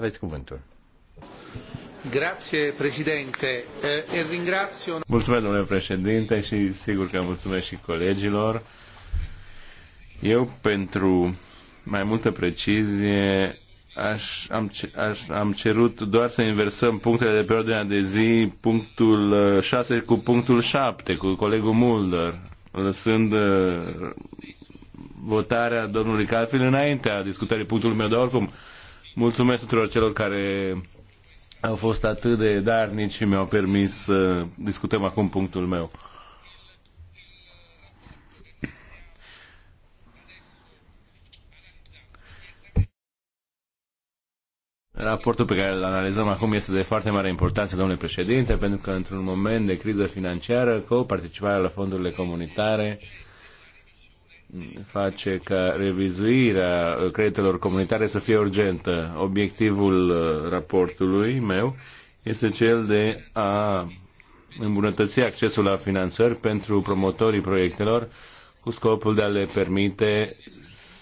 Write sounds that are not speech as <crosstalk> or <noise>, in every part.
Aveți cuvântul. Grazie, președinte. Eh, ringrazio... Mulțumesc, domnule președinte, și sigur că mulțumesc și colegilor. Eu, pentru mai multă precizie, aș, am, aș, am cerut doar să inversăm punctele de pe ordinea de zi, punctul 6 eh, cu punctul 7, cu colegul Mulder, lăsând eh, votarea domnului Calfin înaintea discutării punctului meu, dar oricum Mulțumesc tuturor celor care au fost atât de darnici și mi-au permis să discutăm acum punctul meu. Raportul pe care îl analizăm acum este de foarte mare importanță, domnule președinte, pentru că într-un moment de criză financiară, cu participarea la fondurile comunitare, face ca revizuirea creditelor comunitare să fie urgentă. Obiectivul uh, raportului meu este cel de a îmbunătăți accesul la finanțări pentru promotorii proiectelor cu scopul de a le permite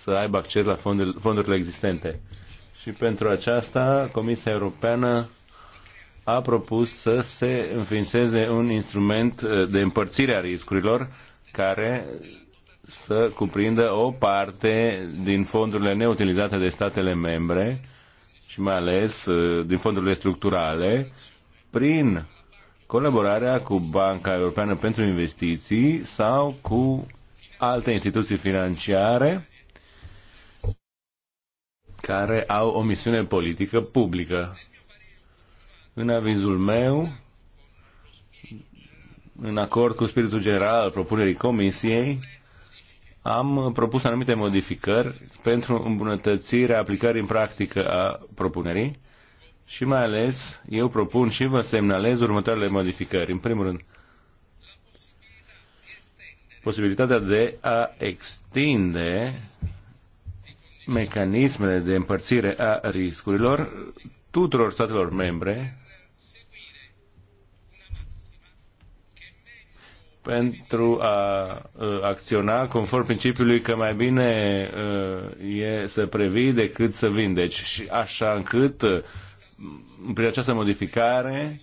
să aibă acces la fondurile existente. Și pentru aceasta, Comisia Europeană a propus să se înființeze un instrument uh, de împărțire a riscurilor care să cuprindă o parte din fondurile neutilizate de statele membre și mai ales uh, din fondurile structurale prin colaborarea cu Banca Europeană pentru Investiții sau cu alte instituții financiare care au o misiune politică publică. În avizul meu, în acord cu spiritul general al propunerii Comisiei, am propus anumite modificări pentru îmbunătățirea aplicării în practică a propunerii și mai ales eu propun și vă semnalez următoarele modificări. În primul rând, posibilitatea de a extinde mecanismele de împărțire a riscurilor tuturor statelor membre pentru a uh, acționa conform principiului că mai bine uh, e să previi decât să vindeci. Și așa încât, uh, prin această modificare,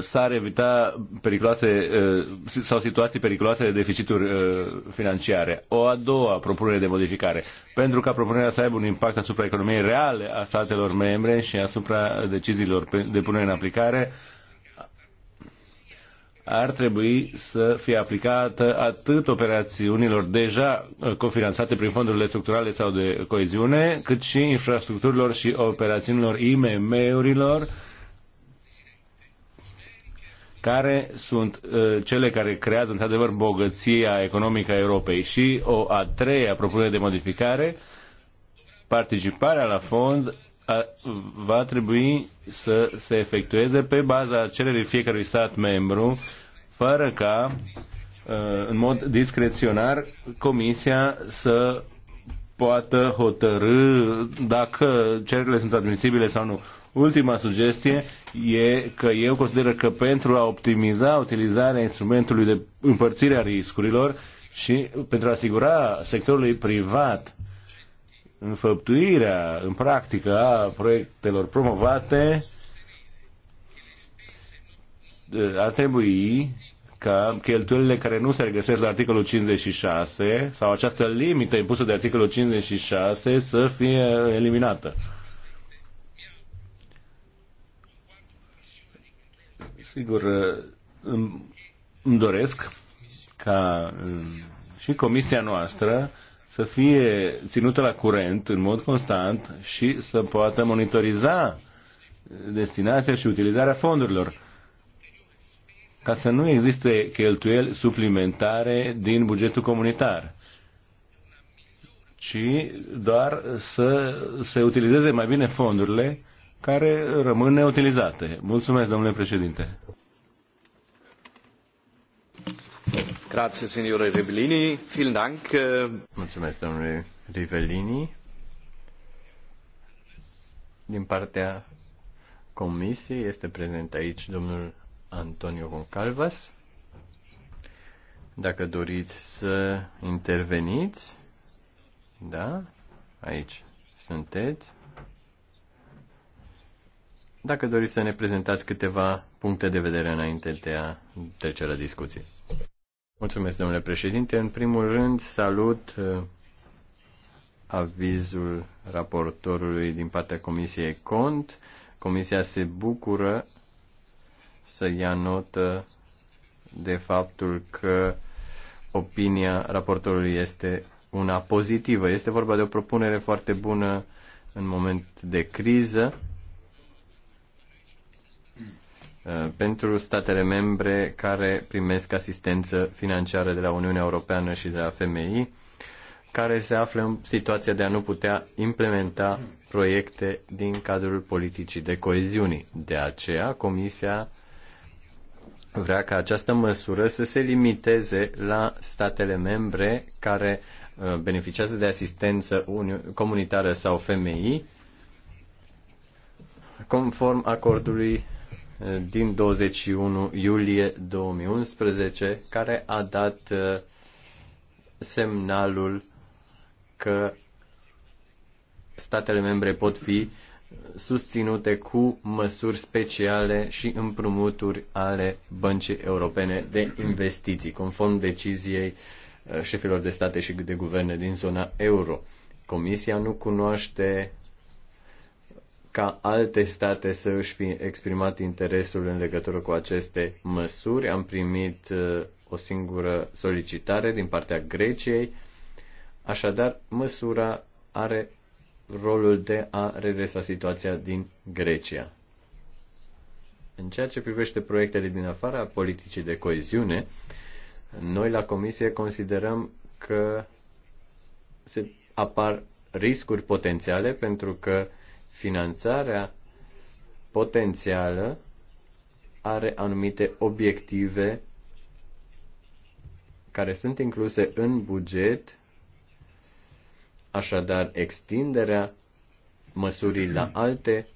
s-ar evita periculoase sau situații periculoase de deficituri financiare. O a doua propunere de modificare. Pentru ca propunerea să aibă un impact asupra economiei reale a statelor membre și asupra deciziilor de punere în aplicare, ar trebui să fie aplicată atât operațiunilor deja uh, cofinanțate prin fondurile structurale sau de coeziune, cât și infrastructurilor și operațiunilor IMM-urilor care sunt uh, cele care creează într-adevăr bogăția economică a Europei. Și o a treia propunere de modificare, participarea la fond va trebui să se efectueze pe baza cererii fiecărui stat membru, fără ca, în mod discreționar, Comisia să poată hotărâ dacă cererile sunt admisibile sau nu. Ultima sugestie e că eu consider că pentru a optimiza utilizarea instrumentului de împărțire a riscurilor și pentru a asigura sectorului privat uh, înfăptuirea în practică a proiectelor promovate eh, ar trebui ca cheltuielile care nu se regăsesc la articolul 56 sau această limită impusă de articolul 56 să fie eliminată. Sigur, eh, îmi doresc ca eh, și comisia noastră să fie ținută la curent în mod constant și să poată monitoriza destinația și utilizarea fondurilor ca să nu existe cheltuieli suplimentare din bugetul comunitar ci doar să se utilizeze mai bine fondurile care rămân neutilizate. Mulțumesc, domnule președinte. Grazie, signore Rivellini. Vielen Dank. Eh. Mulțumesc, domnule Rivellini. Din partea comisiei este prezent aici domnul Antonio Goncalvas. Dacă doriți să interveniți, da, aici sunteți. Dacă doriți să ne prezentați câteva puncte de vedere înainte de a trece la discuții. Mulțumesc, domnule președinte. În primul rând, salut uh, avizul raportorului din partea Comisiei Cont. Comisia se bucură să ia notă de faptul că opinia raportorului este una pozitivă. Este vorba de o propunere foarte bună în moment de criză Uh, pentru statele membre care primesc asistență financiară de la Uniunea Europeană și de la FMI, care se află în situația de a nu putea implementa proiecte din cadrul politicii de coeziune. De aceea, Comisia vrea ca această măsură să se limiteze la statele membre care uh, beneficiază de asistență comunitară sau FMI, conform acordului din 21 iulie 2011, care a dat uh, semnalul că statele membre pot fi susținute cu măsuri speciale și împrumuturi ale Băncii Europene de Investiții, conform deciziei uh, șefilor de state și de guverne din zona euro. Comisia nu cunoaște ca alte state să își fi exprimat interesul în legătură cu aceste măsuri. Am primit uh, o singură solicitare din partea Greciei, așadar măsura are rolul de a redresa situația din Grecia. În ceea ce privește proiectele din afara politicii de coeziune, noi la Comisie considerăm că se apar riscuri potențiale pentru că Finanțarea potențială are anumite obiective care sunt incluse în buget, așadar extinderea măsurii la hmm. alte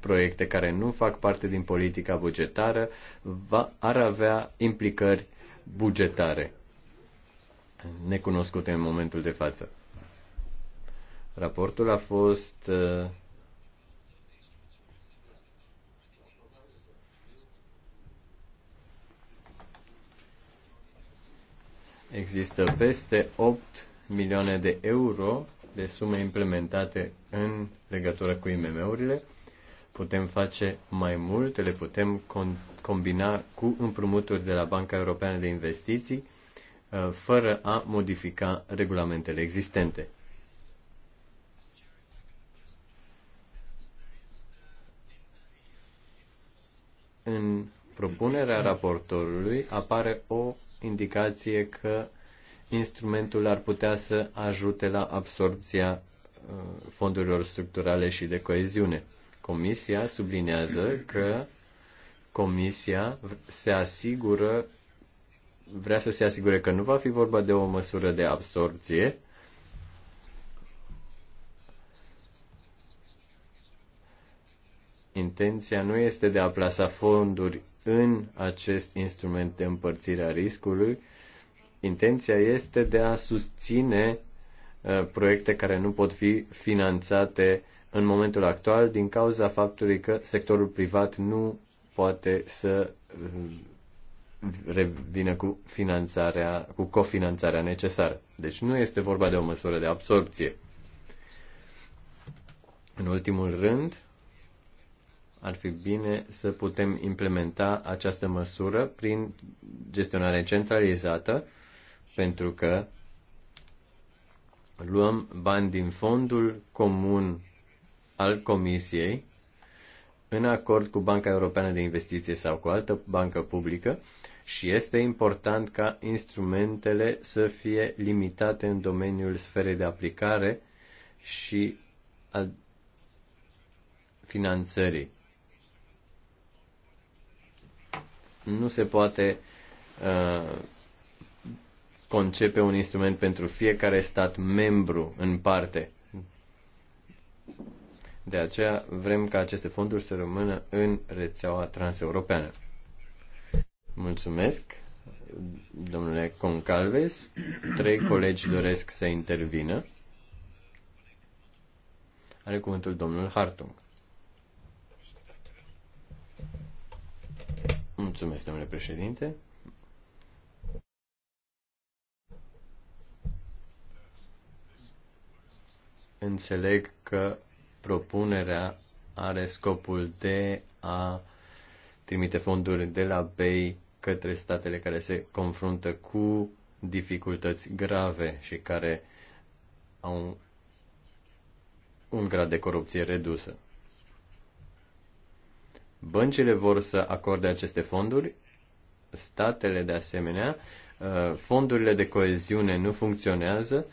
proiecte care nu fac parte din politica bugetară va, ar avea implicări bugetare necunoscute în momentul de față. Raportul a fost uh, există peste 8 milioane de euro de sume implementate în legătură cu IMM-urile. Putem face mai mult, le putem con- combina cu împrumuturi de la Banca Europeană de Investiții, uh, fără a modifica regulamentele existente. În propunerea raportorului apare o indicație că instrumentul ar putea să ajute la absorpția uh, fondurilor structurale și de coeziune. Comisia sublinează că Comisia se asigură, vrea să se asigure că nu va fi vorba de o măsură de absorpție, Intenția nu este de a plasa fonduri în acest instrument de împărțire a riscului. Intenția este de a susține uh, proiecte care nu pot fi finanțate în momentul actual din cauza faptului că sectorul privat nu poate să uh, revină cu finanțarea, cu cofinanțarea necesară. Deci nu este vorba de o măsură de absorpție. În ultimul rând, ar fi bine să putem implementa această măsură prin gestionare centralizată, pentru că luăm bani din fondul comun al Comisiei, în acord cu Banca Europeană de Investiție sau cu altă bancă publică, și este important ca instrumentele să fie limitate în domeniul sferei de aplicare și al finanțării. Nu se poate uh, concepe un instrument pentru fiecare stat membru în parte. De aceea vrem ca aceste fonduri să rămână în rețeaua transeuropeană. Mulțumesc, domnule Concalves. Trei colegi doresc să intervină. Are cuvântul domnul Hartung. Mulțumesc, domnule președinte. Înțeleg că propunerea are scopul de a trimite fonduri de la BEI către statele care se confruntă cu dificultăți grave și care au un grad de corupție redusă. Băncile vor să acorde aceste fonduri, statele de asemenea, uh, fondurile de coeziune nu funcționează,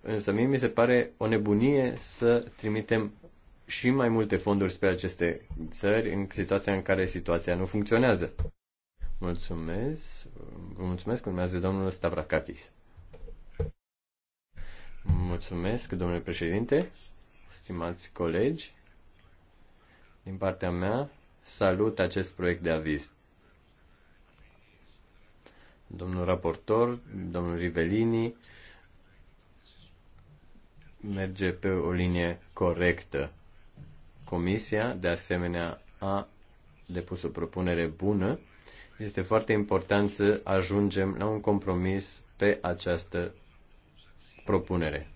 însă mie mi se pare o nebunie să trimitem și mai multe fonduri spre aceste țări în situația în care situația nu funcționează. Mulțumesc. Vă mulțumesc. Urmează domnul Stavrakakis. Mulțumesc, domnule președinte, stimați colegi. Din partea mea, salut acest proiect de aviz. Domnul raportor, domnul Rivelini, merge pe o linie corectă. Comisia, de asemenea, a depus o propunere bună. Este foarte important să ajungem la un compromis pe această propunere.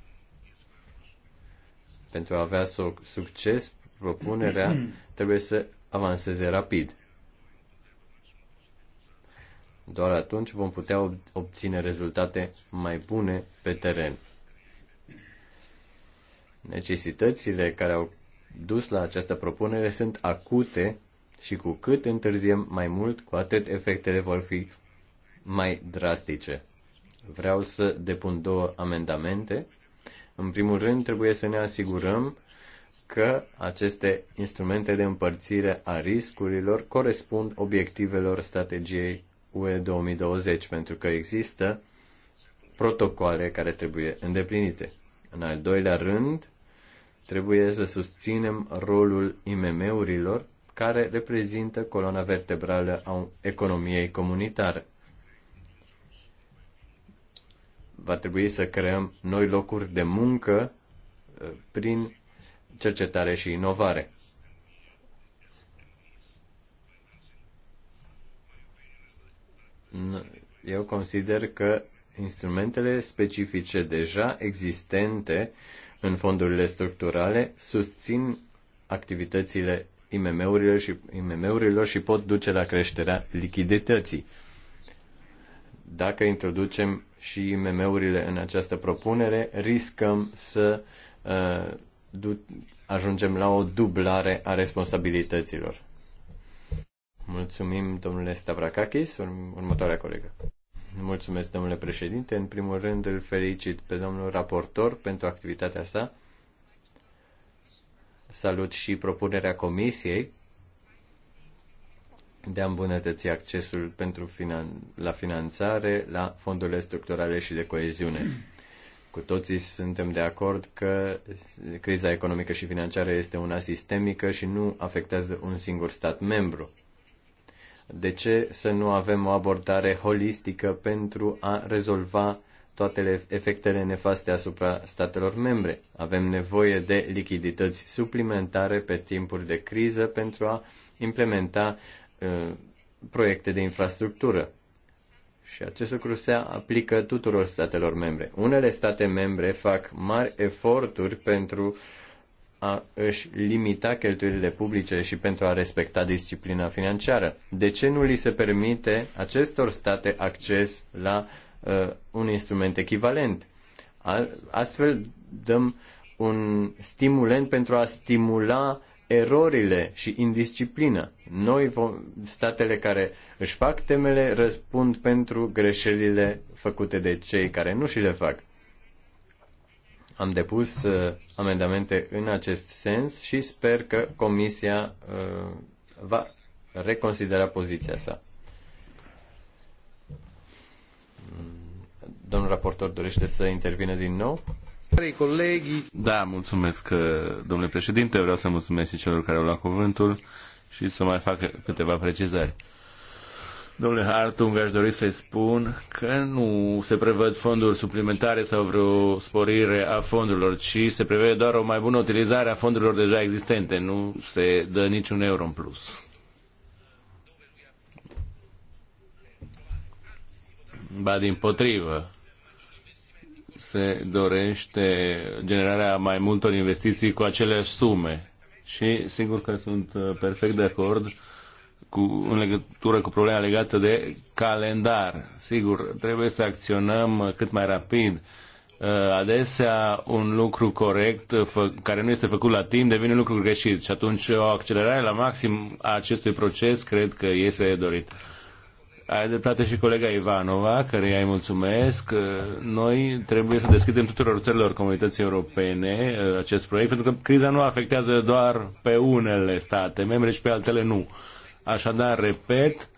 Pentru a avea succes, propunerea <clears throat> trebuie să avanseze rapid. Doar atunci vom putea obține rezultate mai bune pe teren. Necesitățile care au dus la această propunere sunt acute și cu cât întârziem mai mult, cu atât efectele vor fi mai drastice. Vreau să depun două amendamente. În primul rând, trebuie să ne asigurăm că aceste instrumente de împărțire a riscurilor corespund obiectivelor strategiei UE 2020, pentru că există protocoale care trebuie îndeplinite. În al doilea rând, trebuie să susținem rolul IMM-urilor care reprezintă coloana vertebrală a economiei comunitare. Va trebui să creăm noi locuri de muncă eh, prin cercetare și inovare. Eu consider că instrumentele specifice deja existente în fondurile structurale susțin activitățile IMM-urilor și, IMM-urilor și pot duce la creșterea lichidității. Dacă introducem și IMM-urile în această propunere, riscăm să uh, ajungem la o dublare a responsabilităților. Mulțumim, domnule Stavrakakis, următoarea colegă. Mulțumesc, domnule președinte. În primul rând îl felicit pe domnul raportor pentru activitatea sa. Salut și propunerea comisiei de a îmbunătăți accesul pentru finan- la finanțare la fondurile structurale și de coeziune cu toții suntem de acord că criza economică și financiară este una sistemică și nu afectează un singur stat membru. De ce să nu avem o abordare holistică pentru a rezolva toate efectele nefaste asupra statelor membre? Avem nevoie de lichidități suplimentare pe timpuri de criză pentru a implementa uh, proiecte de infrastructură. Și acest lucru se aplică tuturor statelor membre. Unele state membre fac mari eforturi pentru a își limita cheltuielile publice și pentru a respecta disciplina financiară. De ce nu li se permite acestor state acces la uh, un instrument echivalent? astfel dăm un stimulent pentru a stimula erorile și indisciplina. Noi, vom, statele care își fac temele, răspund pentru greșelile făcute de cei care nu și le fac. Am depus uh, amendamente în acest sens și sper că Comisia uh, va reconsidera poziția sa. Domnul raportor dorește să intervină din nou? Colegi. Da, mulțumesc, uh, domnule președinte. Vreau să mulțumesc și celor care au luat cuvântul și să mai fac câteva precizări. Domnule Hartung, aș dori să-i spun că nu se prevăd fonduri suplimentare sau vreo sporire a fondurilor, ci se prevede doar o mai bună utilizare a fondurilor deja existente. Nu se dă niciun euro în plus. Ba din potrivă, se dorește generarea mai multor investiții cu aceleași sume. Și sigur că sunt uh, perfect de acord cu, în legătură cu problema legată de calendar. Sigur, trebuie să acționăm uh, cât mai rapid. Uh, adesea un lucru corect care nu este făcut la timp devine un lucru greșit și atunci o accelerare la maxim a acestui proces cred că este dorită. Ai dreptate și colega Ivanova, care îi mulțumesc. Uh, noi trebuie să deschidem tuturor țărilor comunității europene uh, acest proiect, pentru că criza nu afectează doar pe unele state membre și pe altele nu. Așadar, repet,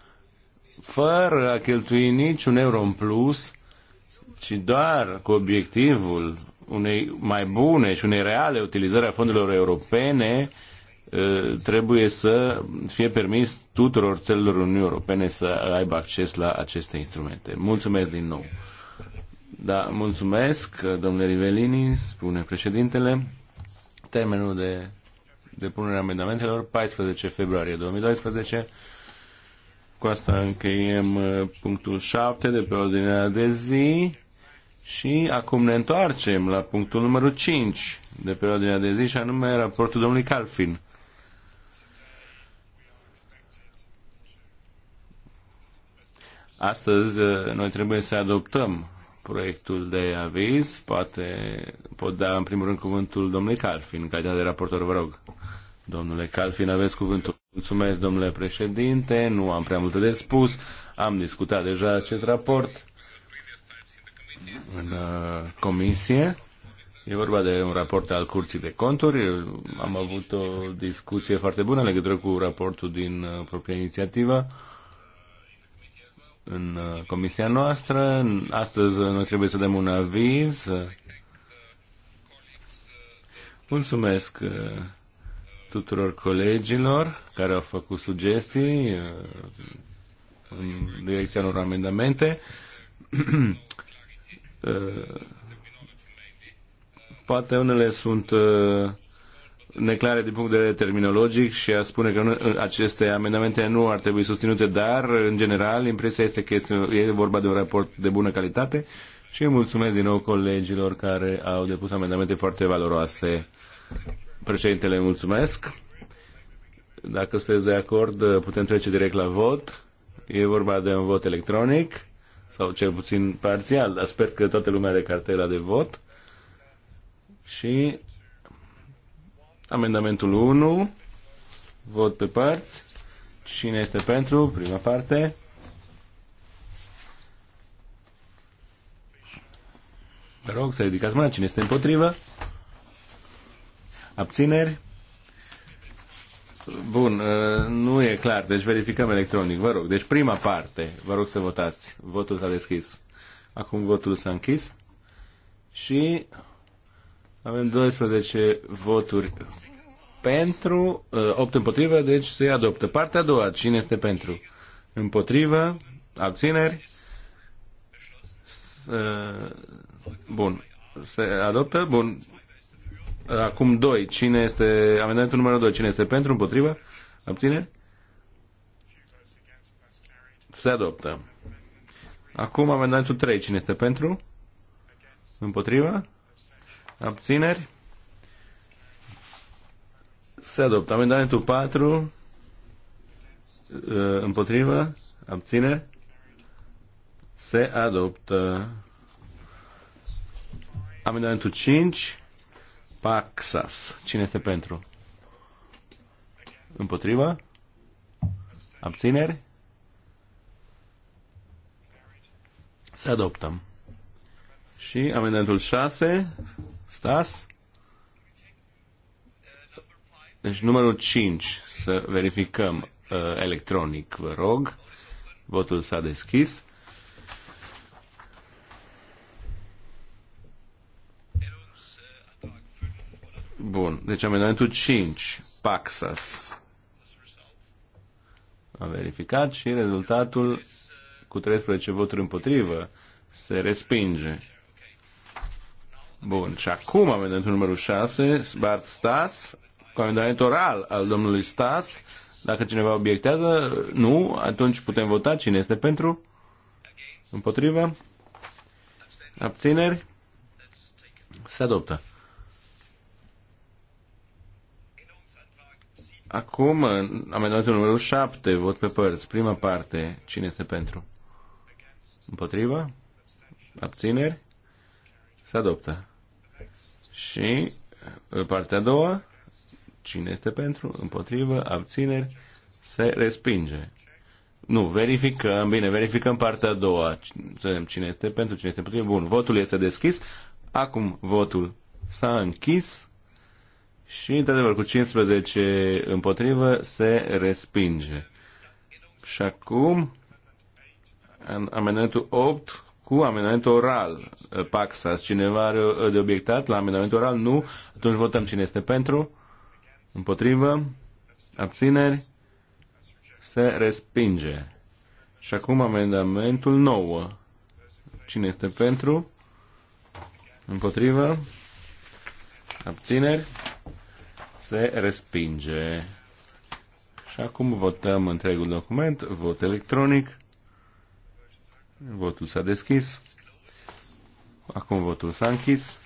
fără a cheltui niciun euro în plus, ci doar cu obiectivul unei mai bune și unei reale utilizări a fondurilor europene, trebuie să fie permis tuturor țărilor Uniunii Europene să aibă acces la aceste instrumente. Mulțumesc din nou. Da, mulțumesc, domnule Rivelini, spune președintele. Termenul de depunere a amendamentelor 14 februarie 2012. Cu asta încheiem punctul 7 de pe ordinea de zi. Și acum ne întoarcem la punctul numărul 5 de pe ordinea de zi și anume raportul domnului Calfin Astăzi uh, noi trebuie să adoptăm proiectul de aviz. Poate pot da în primul rând cuvântul domnului Calfin, ca de raportor, vă rog. Domnule Calfin, aveți cuvântul. Mulțumesc, domnule președinte, nu am prea multe de spus. Am discutat deja acest raport în uh, comisie. E vorba de un raport al Curții de Conturi. Am avut o discuție foarte bună în legătură cu raportul din uh, propria inițiativă în uh, comisia noastră. Astăzi uh, noi trebuie să dăm un aviz. Mulțumesc uh, tuturor colegilor care au făcut sugestii în direcția unor amendamente. <clears throat> Poate unele sunt neclare din punct de vedere terminologic și a spune că nu, aceste amendamente nu ar trebui susținute, dar, în general, impresia este că este, e vorba de un raport de bună calitate și mulțumesc din nou colegilor care au depus amendamente foarte valoroase. Președintele, mulțumesc. Dacă sunteți de acord, putem trece direct la vot. E vorba de un vot electronic, sau cel puțin parțial, dar sper că toată lumea are cartela de vot. Și Amendamentul 1, vot pe părți. Cine este pentru? Prima parte. Vă rog să ridicați mâna. Cine este împotrivă? Abțineri? Bun, uh, nu e clar, deci verificăm electronic, vă rog. Deci prima parte, vă rog să votați. Votul s-a deschis. Acum votul s-a închis și avem 12 voturi pentru, 8 uh, împotrivă, deci se adoptă. Partea a doua, cine este pentru? Împotrivă, abțineri. Uh, bun, se adoptă, bun. Acum 2, cine este, amendamentul numărul 2, cine este pentru, împotrivă, abțineri? Se adoptă. Acum amendamentul 3, cine este pentru? Împotriva? Abțineri? Se adoptă. Amendamentul 4. Uh, împotrivă? Abțineri? Se adoptă. Amendamentul 5. Paxas. Cine este pentru? Împotrivă. Abțineri? Să adoptăm. Și amendamentul 6 Stas? Deci numărul 5, să verificăm uh, electronic, vă rog. Votul s-a deschis. Bun, deci amendamentul 5, Paxas. a verificat și rezultatul cu 13 voturi împotrivă se respinge. Bun, și acum amendamentul numărul 6, Bart Stas, comandant oral al domnului Stas. Dacă cineva obiectează, nu, atunci putem vota cine este pentru, împotrivă, abțineri, se adoptă. Acum, amendamentul numărul 7, vot pe părți. Prima parte, cine este pentru? Împotriva? Abțineri? Se adoptă. Și uh, partea a doua, cine este pentru, împotrivă, abțineri, se respinge. Nu, verificăm, bine, verificăm partea a doua. Să vedem cine este pentru, cine este împotrivă. Bun, votul este deschis. Acum votul s-a închis și, într-adevăr, cu 15 împotrivă se respinge. Și acum, amendamentul 8, cu amendament oral. Eh, Paxa. cineva are eh, de obiectat la amendament oral? Nu. Atunci votăm cine este pentru. Împotrivă. Abțineri. Se respinge. Și acum amendamentul 9. Cine este pentru? Împotrivă. Abțineri. Se respinge. Și acum votăm întregul document, vot electronic. Votul s-a deschis. Acum votul s-a închis.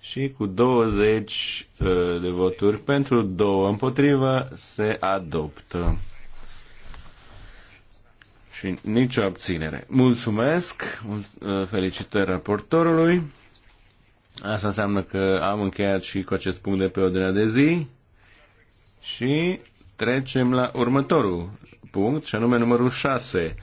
Și cu 20 uh, de voturi pentru, două împotrivă, se adoptă. Și nicio abținere. Mulțumesc, uh, felicitări raportorului. Asta înseamnă că am încheiat și cu acest punct de pe ordinea de zi și trecem la următorul punct, și anume numărul 6.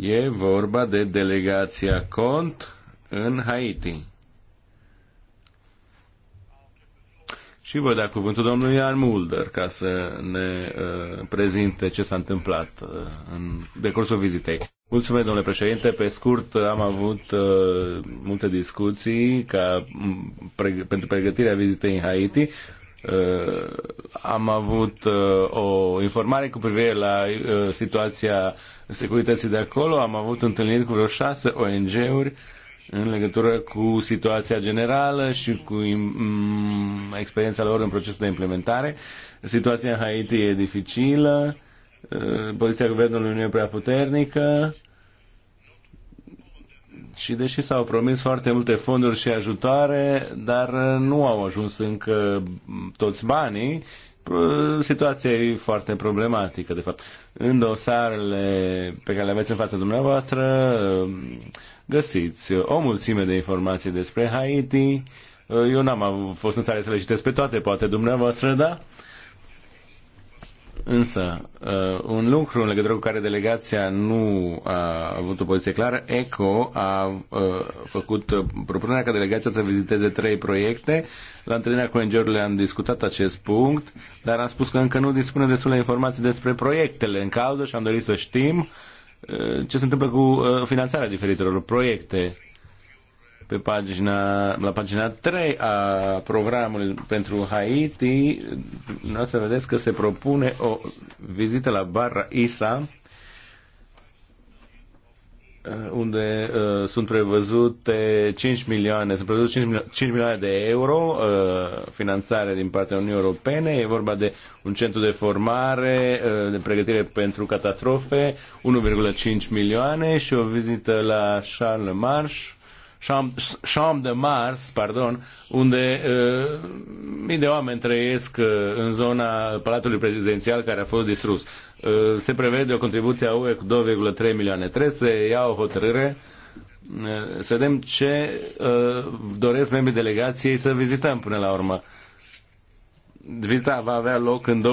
E vorba de delegația Cont în Haiti. Și voi da cuvântul domnului Ian Mulder ca să ne uh, prezinte ce s-a întâmplat uh, în decursul vizitei. Mulțumesc, domnule președinte. Pe scurt, am avut uh, multe discuții ca, pre- pentru pregătirea vizitei în Haiti. Uh, am avut uh, o informare cu privire la uh, situația securității de acolo, am avut întâlniri cu vreo șase ONG-uri în legătură cu situația generală și cu mm, experiența lor în procesul de implementare. Situația în Haiti e dificilă, poziția guvernului nu e prea puternică și deși s-au promis foarte multe fonduri și ajutoare, dar nu au ajuns încă toți banii, situația e foarte problematică, de fapt. În dosarele pe care le aveți în fața dumneavoastră, găsiți o mulțime de informații despre Haiti. Eu n-am fost în stare să le citesc pe toate, poate dumneavoastră, da? Uh, Însă, uh, un lucru în legătură cu care delegația nu a avut o poziție clară, ECO a uh, făcut uh, propunerea ca delegația să viziteze trei proiecte. La întâlnirea cu ng am discutat acest punct, dar am spus că încă nu dispune destule de informații despre proiectele în cauză și am dorit să știm ce se întâmplă cu finanțarea diferitelor proiecte pe pagina, la pagina 3 a programului pentru Haiti, să vedeți că se propune o vizită la Barra Isa, uh, unde uh, sunt prevăzute 5 milioane, sunt prevăzute 5 milioane, 5 milioane de euro uh, finanțare din partea Uniunii Europene. E vorba de un centru de formare, uh, de pregătire pentru catastrofe, 1,5 milioane și o vizită la Charles Marsh Champ, de Mars, pardon, unde uh, mii de oameni trăiesc uh, în zona Palatului Prezidențial care a fost distrus. Uh, se prevede o contribuție a UE cu 2,3 milioane. Trebuie să ia o hotărâre uh, să vedem ce uh, doresc membrii delegației să vizităm până la urmă. Vizita va avea loc în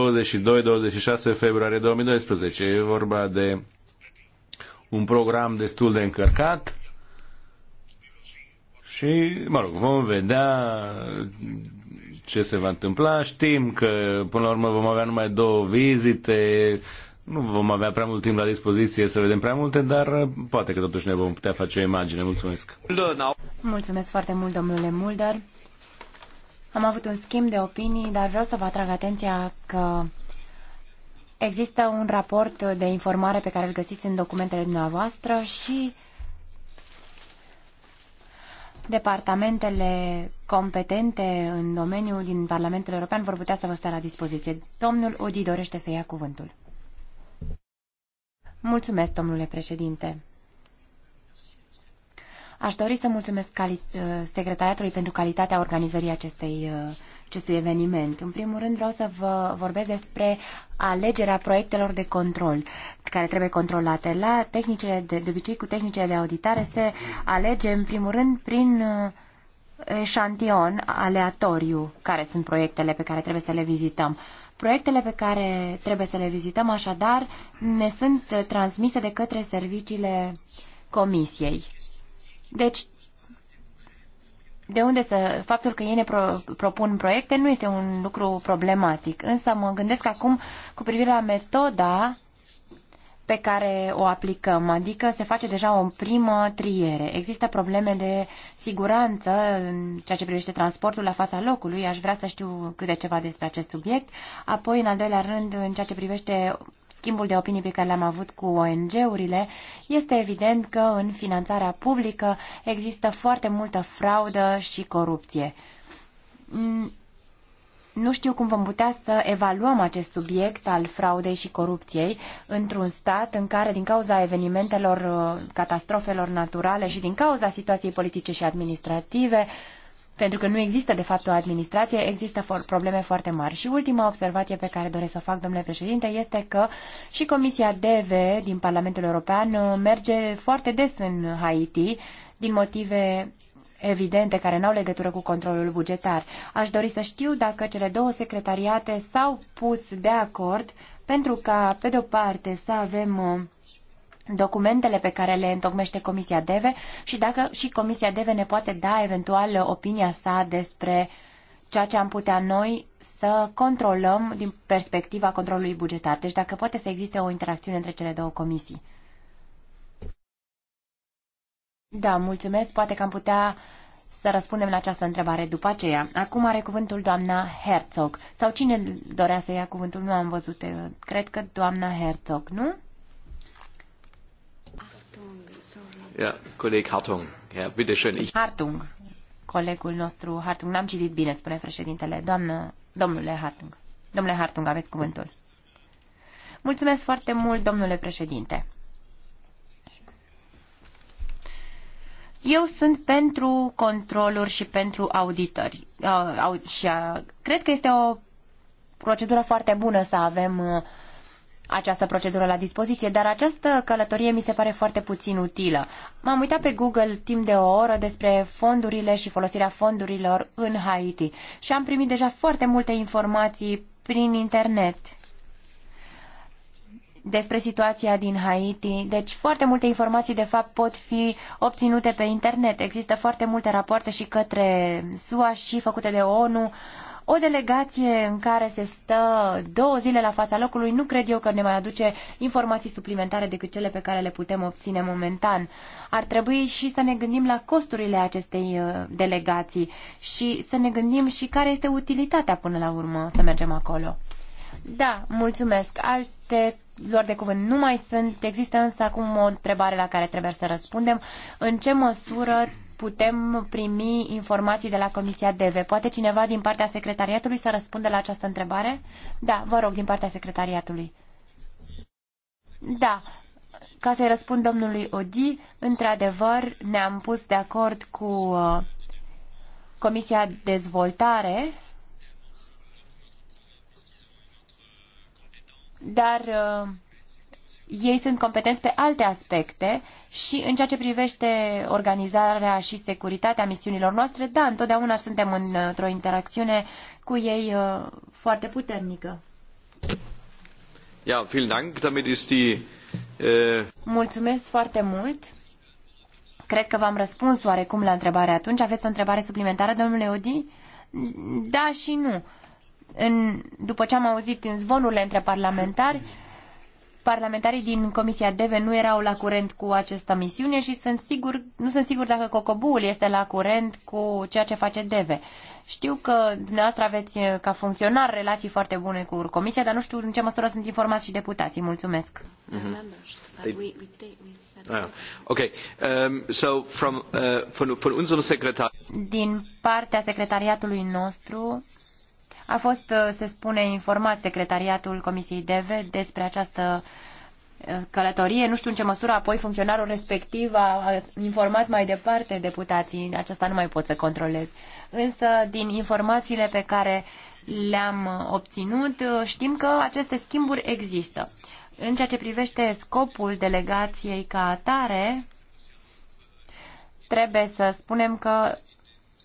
22-26 februarie 2012. E vorba de un program destul de încărcat și, mă rog, vom vedea ce se va întâmpla. Știm că, până la urmă, vom avea numai două vizite, nu vom avea prea mult timp la dispoziție să vedem prea multe, dar uh, poate că totuși ne vom putea face o imagine. Mulțumesc! Mulțumesc foarte mult, domnule Mulder! Am avut un schimb de opinii, dar vreau să vă atrag atenția că există un raport de informare pe care îl găsiți în documentele dumneavoastră și departamentele competente în domeniul din Parlamentul European vor putea să vă stea la dispoziție. Domnul Udi dorește să ia cuvântul. Mulțumesc, domnule președinte. Aș dori să mulțumesc secretariatului pentru calitatea organizării acestei uh, acestui eveniment. În primul rând vreau să vă vorbesc despre alegerea proiectelor de control care trebuie controlate. La tehnicile de, de obicei cu tehnicile de auditare se alege în primul rând prin uh, eșantion aleatoriu care sunt proiectele pe care trebuie să le vizităm. Proiectele pe care trebuie să le vizităm așadar ne sunt uh, transmise de către serviciile comisiei. Deci de unde să, faptul că ei ne pro, propun proiecte nu este un lucru problematic, însă mă gândesc acum cu privire la metoda pe care o aplicăm, adică se face deja o primă triere. Există probleme de siguranță în ceea ce privește transportul la fața locului, aș vrea să știu câte ceva despre acest subiect. Apoi, în al doilea rând, în ceea ce privește schimbul de opinii pe care l-am avut cu ONG-urile, este evident că în finanțarea publică există foarte multă fraudă și corupție. Mm, nu știu cum vom putea să evaluăm acest subiect al fraudei și corupției într-un stat în care, din cauza evenimentelor, uh, catastrofelor naturale și din cauza situației politice și administrative, uh, pentru că nu există de fapt o administrație, există for probleme foarte mari. Și ultima observație pe care doresc să o fac, domnule președinte, este că și Comisia DV din Parlamentul European uh, merge foarte des în Haiti din motive evidente care n-au legătură cu controlul bugetar. Aș dori să știu dacă cele două secretariate s-au pus de acord pentru ca, pe de-o parte, să avem uh, documentele pe care le întocmește Comisia DEVE și dacă și Comisia DEVE ne poate da eventual opinia sa despre ceea ce am putea noi să controlăm din perspectiva controlului bugetar. Deci dacă poate să existe o interacțiune între cele două comisii. Da, mulțumesc. Poate că am putea să răspundem la această întrebare după aceea. Acum are cuvântul doamna Herzog. Sau cine dorea să ia cuvântul? Nu am văzut. Cred că doamna Herzog, nu? Ja, coleg Hartung. Ja, bitteschön. Ich... Hartung, colegul nostru Hartung. N-am citit bine, spune președintele. Doamnă, domnule Hartung. Domnule Hartung, aveți cuvântul. Mulțumesc foarte mult, domnule președinte. Eu sunt pentru controluri și pentru auditări. Uh, au, și uh, cred că este o procedură foarte bună să avem uh, această procedură la dispoziție, dar această călătorie mi se pare foarte puțin utilă. M-am uitat pe Google timp de o oră despre fondurile și folosirea fondurilor în Haiti și am primit deja foarte multe informații prin internet despre situația din Haiti. Deci foarte multe informații de fapt pot fi obținute pe internet. Există foarte multe rapoarte și către SUA și făcute de ONU o delegație în care se stă două zile la fața locului nu cred eu că ne mai aduce informații suplimentare decât cele pe care le putem obține momentan. Ar trebui și să ne gândim la costurile acestei uh, delegații și să ne gândim și care este utilitatea până la urmă să mergem acolo. Da, mulțumesc. Alte luări de cuvânt nu mai sunt. Există însă acum o întrebare la care trebuie să răspundem. În ce măsură putem primi informații de la Comisia DEVE. Poate cineva din partea secretariatului să răspundă la această întrebare? Da, vă rog, din partea secretariatului. Da, ca să-i răspund domnului Odi, într-adevăr ne-am pus de acord cu uh, Comisia Dezvoltare, dar uh, ei sunt competenți pe alte aspecte și în ceea ce privește organizarea și securitatea misiunilor noastre, da, întotdeauna suntem într-o interacțiune cu ei uh, foarte puternică. Ja, vielen Dank. Damit ist die, uh... Mulțumesc foarte mult. Cred că v-am răspuns oarecum la întrebare atunci. Aveți o întrebare suplimentară, domnule Odi? Da și nu. În, după ce am auzit în zvonurile între parlamentari, parlamentarii din Comisia DEVE nu erau la curent cu această misiune și sunt sigur, nu sunt sigur dacă Cocobul este la curent cu ceea ce face DEVE. Știu că dumneavoastră aveți eh, ca funcționar relații foarte bune cu Comisia, dar nu știu în ce măsură sunt informați și deputații. Mulțumesc. Din partea secretariatului nostru, a fost, uh, se spune, informat secretariatul Comisiei DV despre această uh, călătorie. Nu știu în ce măsură apoi funcționarul respectiv a informat mai departe deputații. Aceasta nu mai pot să controlez. Însă, din informațiile pe care le-am uh, obținut, știm că aceste schimburi există. În ceea ce privește scopul delegației ca atare, trebuie să spunem că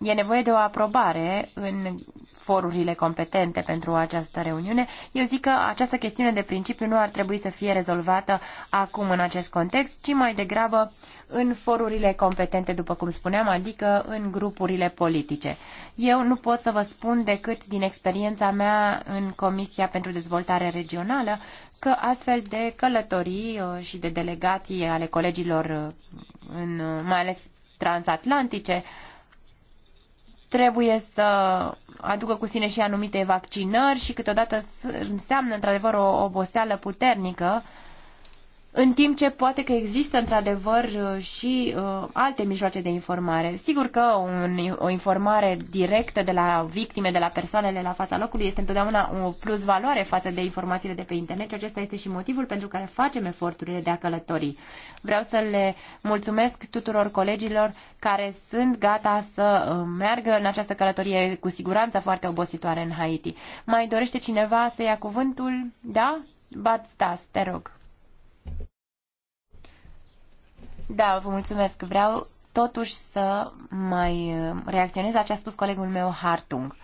E nevoie de o aprobare în forurile competente pentru această reuniune. Eu zic că această chestiune de principiu nu ar trebui să fie rezolvată acum în acest context, ci mai degrabă în forurile competente, după cum spuneam, adică în grupurile politice. Eu nu pot să vă spun decât din experiența mea în Comisia pentru Dezvoltare Regională că astfel de călătorii uh, și de delegații ale colegilor, uh, în, mai ales transatlantice, trebuie să aducă cu sine și anumite vaccinări și câteodată înseamnă într-adevăr o oboseală puternică uh, în timp ce poate că există într-adevăr uh, și uh, alte mijloace de informare. Sigur că un, o informare directă de la victime, de la persoanele la fața locului este întotdeauna o plus valoare față de informațiile de pe internet și acesta este și motivul pentru care facem eforturile de a călători. Vreau să le mulțumesc tuturor colegilor care sunt gata să uh, meargă în această călătorie cu siguranță foarte obositoare în Haiti. Mai dorește cineva să ia cuvântul? Da? Bart Stas, te rog. Da, vă mulțumesc. Vreau totuși să mai uh, reacționez la ce a spus colegul meu Hartung.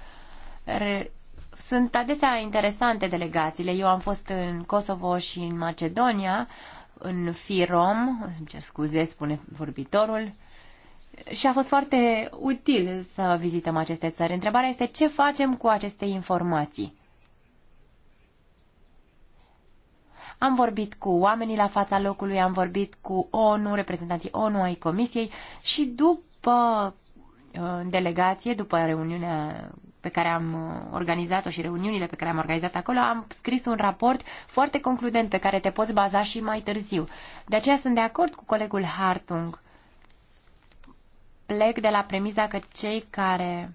Re sunt adesea interesante delegațiile. Eu am fost în Kosovo și în Macedonia, în FIROM, îmi cer scuze, spune vorbitorul, și a fost foarte util să vizităm aceste țări. Întrebarea este ce facem cu aceste informații? Am vorbit cu oamenii la fața locului, am vorbit cu ONU, reprezentanții ONU ai Comisiei și după uh, delegație, după reuniunea pe care am uh, organizat-o și reuniunile pe care am organizat acolo, am scris un raport foarte concludent pe care te poți baza și mai târziu. De aceea sunt de acord cu colegul Hartung. Plec de la premiza că cei care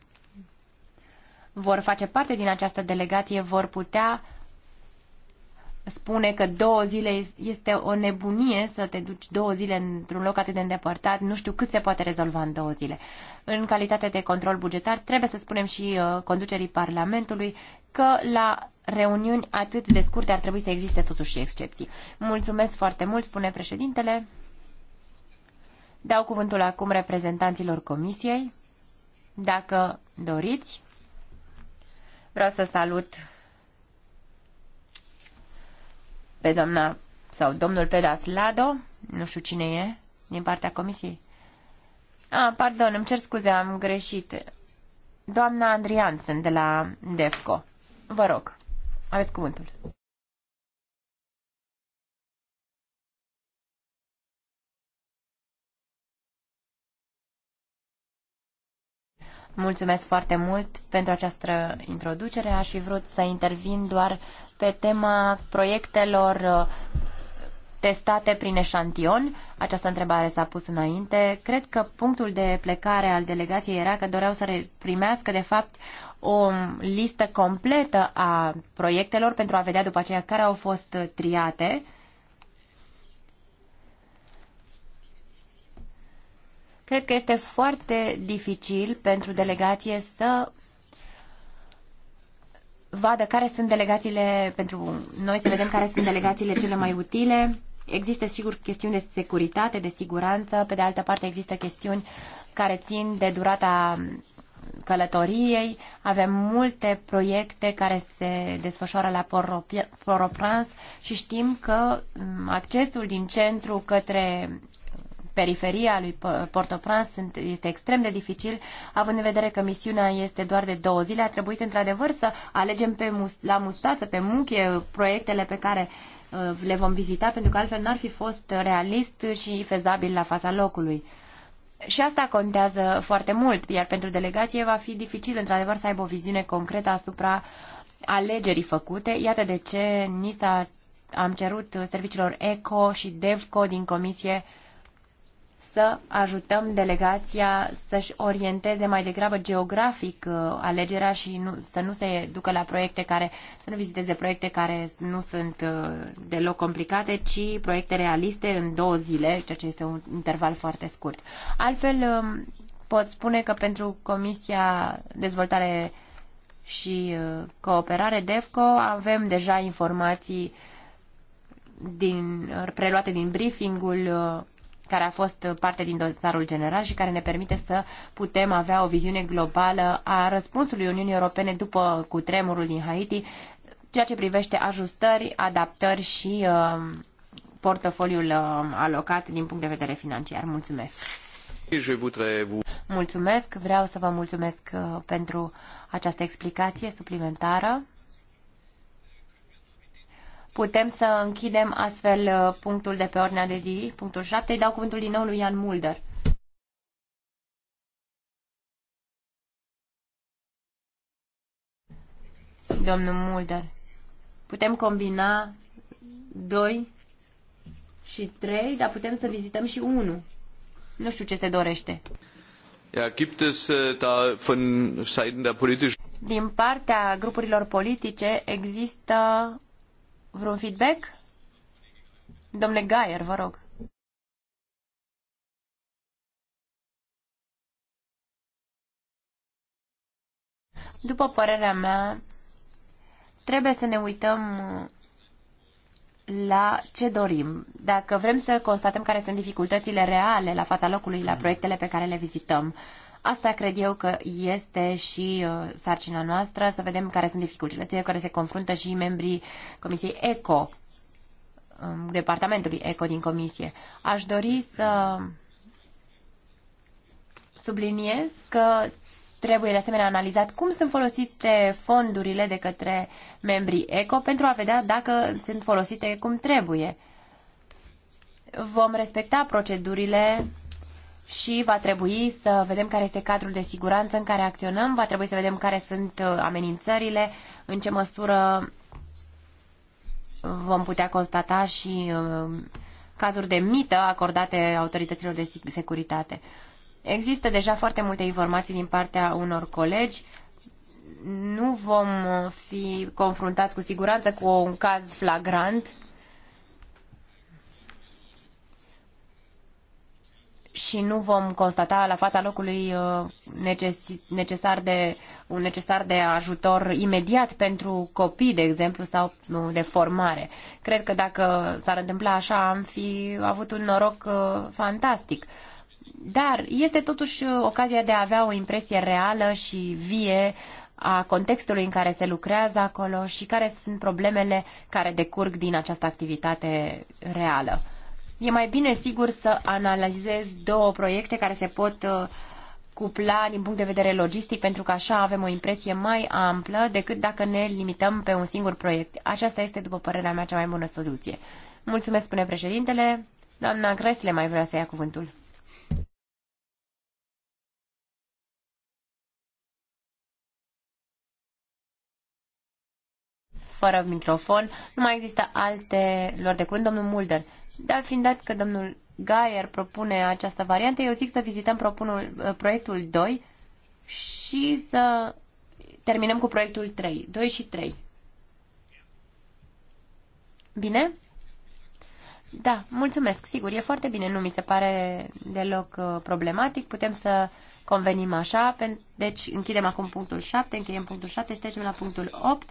vor face parte din această delegație vor putea spune că două zile este o nebunie să te duci două zile într-un loc atât de îndepărtat, nu știu cât se poate rezolva în două zile. În calitate de control bugetar, trebuie să spunem și uh, conducerii Parlamentului că la reuniuni atât de scurte ar trebui să existe totuși excepții. Mulțumesc foarte mult, spune președintele. Dau cuvântul acum reprezentanților comisiei. Dacă doriți, vreau să salut pe doamna sau domnul Pedas Lado, nu știu cine e, din partea comisiei. Ah, pardon, îmi cer scuze, am greșit. Doamna sunt de la DEFCO. Vă rog, aveți cuvântul. Mulțumesc foarte mult pentru această introducere. Aș fi vrut să intervin doar pe tema proiectelor uh, testate prin eșantion. Această întrebare s-a pus înainte. Cred că punctul de plecare al delegației era că doreau să primească, de fapt, o listă completă a proiectelor pentru a vedea după aceea care au fost triate. Cred că este foarte dificil pentru delegație să vadă care sunt delegațiile pentru noi, să vedem care sunt delegațiile cele mai utile. Există sigur chestiuni de securitate, de siguranță, pe de altă parte există chestiuni care țin de durata călătoriei. Avem multe proiecte care se desfășoară la Port-au-Prince și știm că mm, accesul din centru către periferia lui Port-au-Prince este extrem de dificil, având în vedere că misiunea este doar de două zile. A trebuit într-adevăr să alegem pe mus- la mustață, pe munchie, eh, proiectele pe care eh, le vom vizita, pentru că altfel n-ar fi fost realist și fezabil la fața locului. Și asta contează foarte mult, iar pentru delegație va fi dificil, într-adevăr, să aibă o viziune concretă asupra alegerii făcute. Iată de ce ni s-a am cerut eh, serviciilor ECO și DEVCO din comisie uh, să ajutăm delegația să-și orienteze mai degrabă geografic uh, alegerea și nu, să nu se ducă la proiecte care, să nu viziteze proiecte care nu sunt uh, deloc complicate, ci proiecte realiste în două zile, ceea ce este un interval foarte scurt. Altfel, um, pot spune că pentru Comisia Dezvoltare și uh, Cooperare DEFCO avem deja informații din, preluate din briefingul care a fost parte din dosarul general și care ne permite să putem avea o viziune globală a răspunsului Uniunii Europene după cutremurul din Haiti, ceea ce privește ajustări, adaptări și uh, portofoliul uh, alocat din punct de vedere financiar. Mulțumesc! Mulțumesc, vreau să vă mulțumesc uh, pentru această explicație suplimentară putem să închidem astfel uh, punctul de pe ordinea de zi, punctul 7. Îi dau cuvântul din nou lui Ian Mulder. Domnul Mulder, putem combina 2 și 3, dar putem să vizităm și 1. Nu știu ce se dorește. Ja, gibt es uh, da von Seiten der politischen din partea grupurilor politice există vreun feedback? Domnule Gaier, vă rog. După părerea mea, trebuie să ne uităm uh, la ce dorim. Dacă vrem să constatăm care sunt dificultățile reale la fața locului, la proiectele pe care le vizităm, uh, Asta cred eu că este și uh, sarcina noastră, să vedem care sunt dificultățile care se confruntă și membrii Comisiei ECO, um, departamentului ECO din Comisie. Aș dori să subliniez că Trebuie de asemenea analizat cum sunt folosite fondurile de către membrii ECO pentru a vedea dacă sunt folosite cum trebuie. Vom respecta procedurile și va trebui să vedem care este cadrul de siguranță în care acționăm, va trebui să vedem care sunt uh, amenințările, în ce măsură vom putea constata și uh, cazuri de mită acordate autorităților de securitate. Există deja foarte multe informații din partea unor colegi. Nu vom uh, fi confruntați cu siguranță cu un caz flagrant și nu vom constata la fața locului uh, necesar de, un necesar de ajutor imediat pentru copii, de exemplu, sau de formare. Cred că dacă s-ar întâmpla așa, am fi avut un noroc uh, fantastic. Dar este totuși uh, ocazia de a avea o impresie reală și vie a contextului în care se lucrează acolo și care sunt problemele care decurg din această activitate reală. E mai bine, sigur, să analizezi două proiecte care se pot uh, cupla din punct de vedere logistic, pentru că așa avem o impresie mai amplă decât dacă ne limităm pe un singur proiect. Aceasta este, după părerea mea, cea mai bună soluție. Mulțumesc, spune președintele. Doamna Gresle mai vrea să ia cuvântul. fără microfon. Nu mai există alte lor de cuvânt, domnul Mulder. Dar fiind dat că domnul Gaier propune această variantă, eu zic să vizităm propunul, uh, proiectul 2 și să terminăm cu proiectul 3. 2 și 3. Bine? Da, mulțumesc, sigur, e foarte bine, nu mi se pare deloc uh, problematic, putem să convenim așa, deci închidem acum punctul 7, închidem punctul 7 și trecem la punctul 8,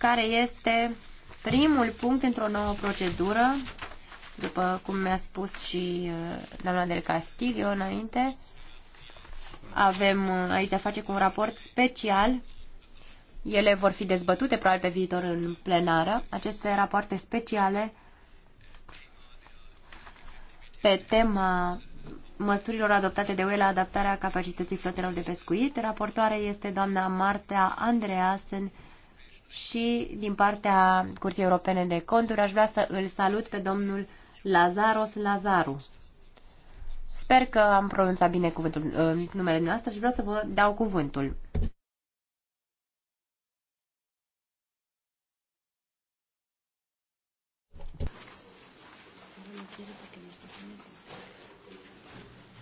care este primul punct într-o nouă procedură, după cum mi-a spus și uh, doamna del Castillo înainte. Avem uh, aici de-a face cu un raport special. Ele vor fi dezbătute probabil pe viitor în plenară. Aceste rapoarte speciale pe tema măsurilor adoptate de UE la adaptarea capacității flotelor de pescuit. Raportoare este doamna Marta Andreasen, și din partea Curții Europene de Conturi aș vrea să îl salut pe domnul Lazaros Lazaru. Sper că am pronunțat bine cuvântul, uh, numele noastră și vreau să vă dau cuvântul.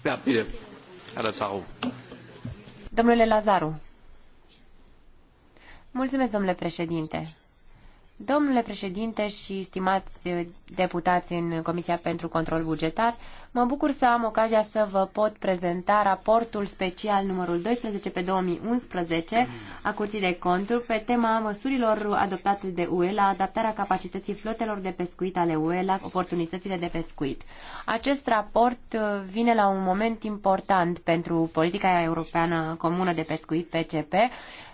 Da, Domnule Lazaru. Mulțumesc, domnule președinte. Domnule președinte și stimați deputați în Comisia pentru Control Bugetar, mă bucur să am ocazia să vă pot prezenta raportul special numărul 12 pe 2011 a Curții de Conturi pe tema măsurilor adoptate de UE la adaptarea capacității flotelor de pescuit ale UE la oportunitățile de pescuit. Acest raport vine la un moment important pentru politica europeană comună de pescuit PCP,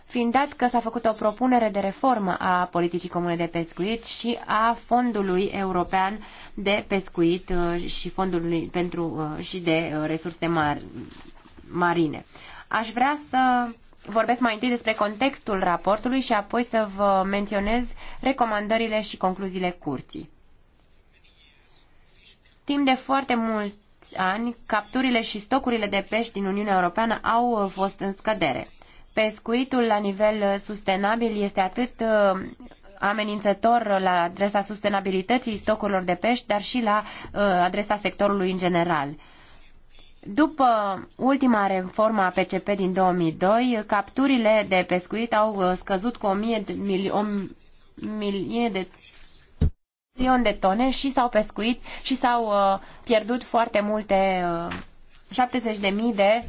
fiind dat că s-a făcut o propunere de reformă a politicii comune de pescuit și a fondului european de pescuit uh, și fondului pentru uh, și de uh, resurse mar, marine. Aș vrea să vorbesc mai întâi despre contextul raportului și apoi să vă menționez recomandările și concluziile curții. Timp de foarte mulți ani, capturile și stocurile de pești din Uniunea Europeană au fost în scădere. Pescuitul la nivel uh, sustenabil este atât uh, amenințător la adresa sustenabilității stocurilor de pești, dar și la uh, adresa sectorului în general. După ultima reformă a PCP din 2002, capturile de pescuit au scăzut cu 1000 de, de milion de tone și s-au pescuit și s-au pierdut foarte multe 70.000 de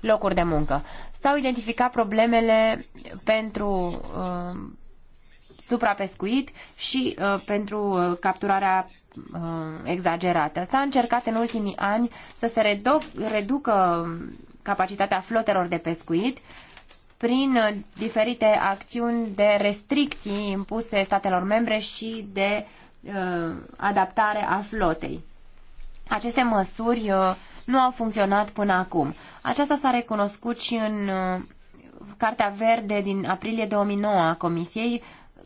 locuri de muncă. S-au identificat problemele pentru uh, suprapescuit și uh, pentru uh, capturarea uh, exagerată. S-a încercat în ultimii ani să se reduc, reducă capacitatea flotelor de pescuit prin uh, diferite acțiuni de restricții impuse statelor membre și de uh, adaptare a flotei. Aceste măsuri uh, nu au funcționat până acum. Aceasta s-a recunoscut și în uh, Cartea Verde din aprilie 2009 a Comisiei,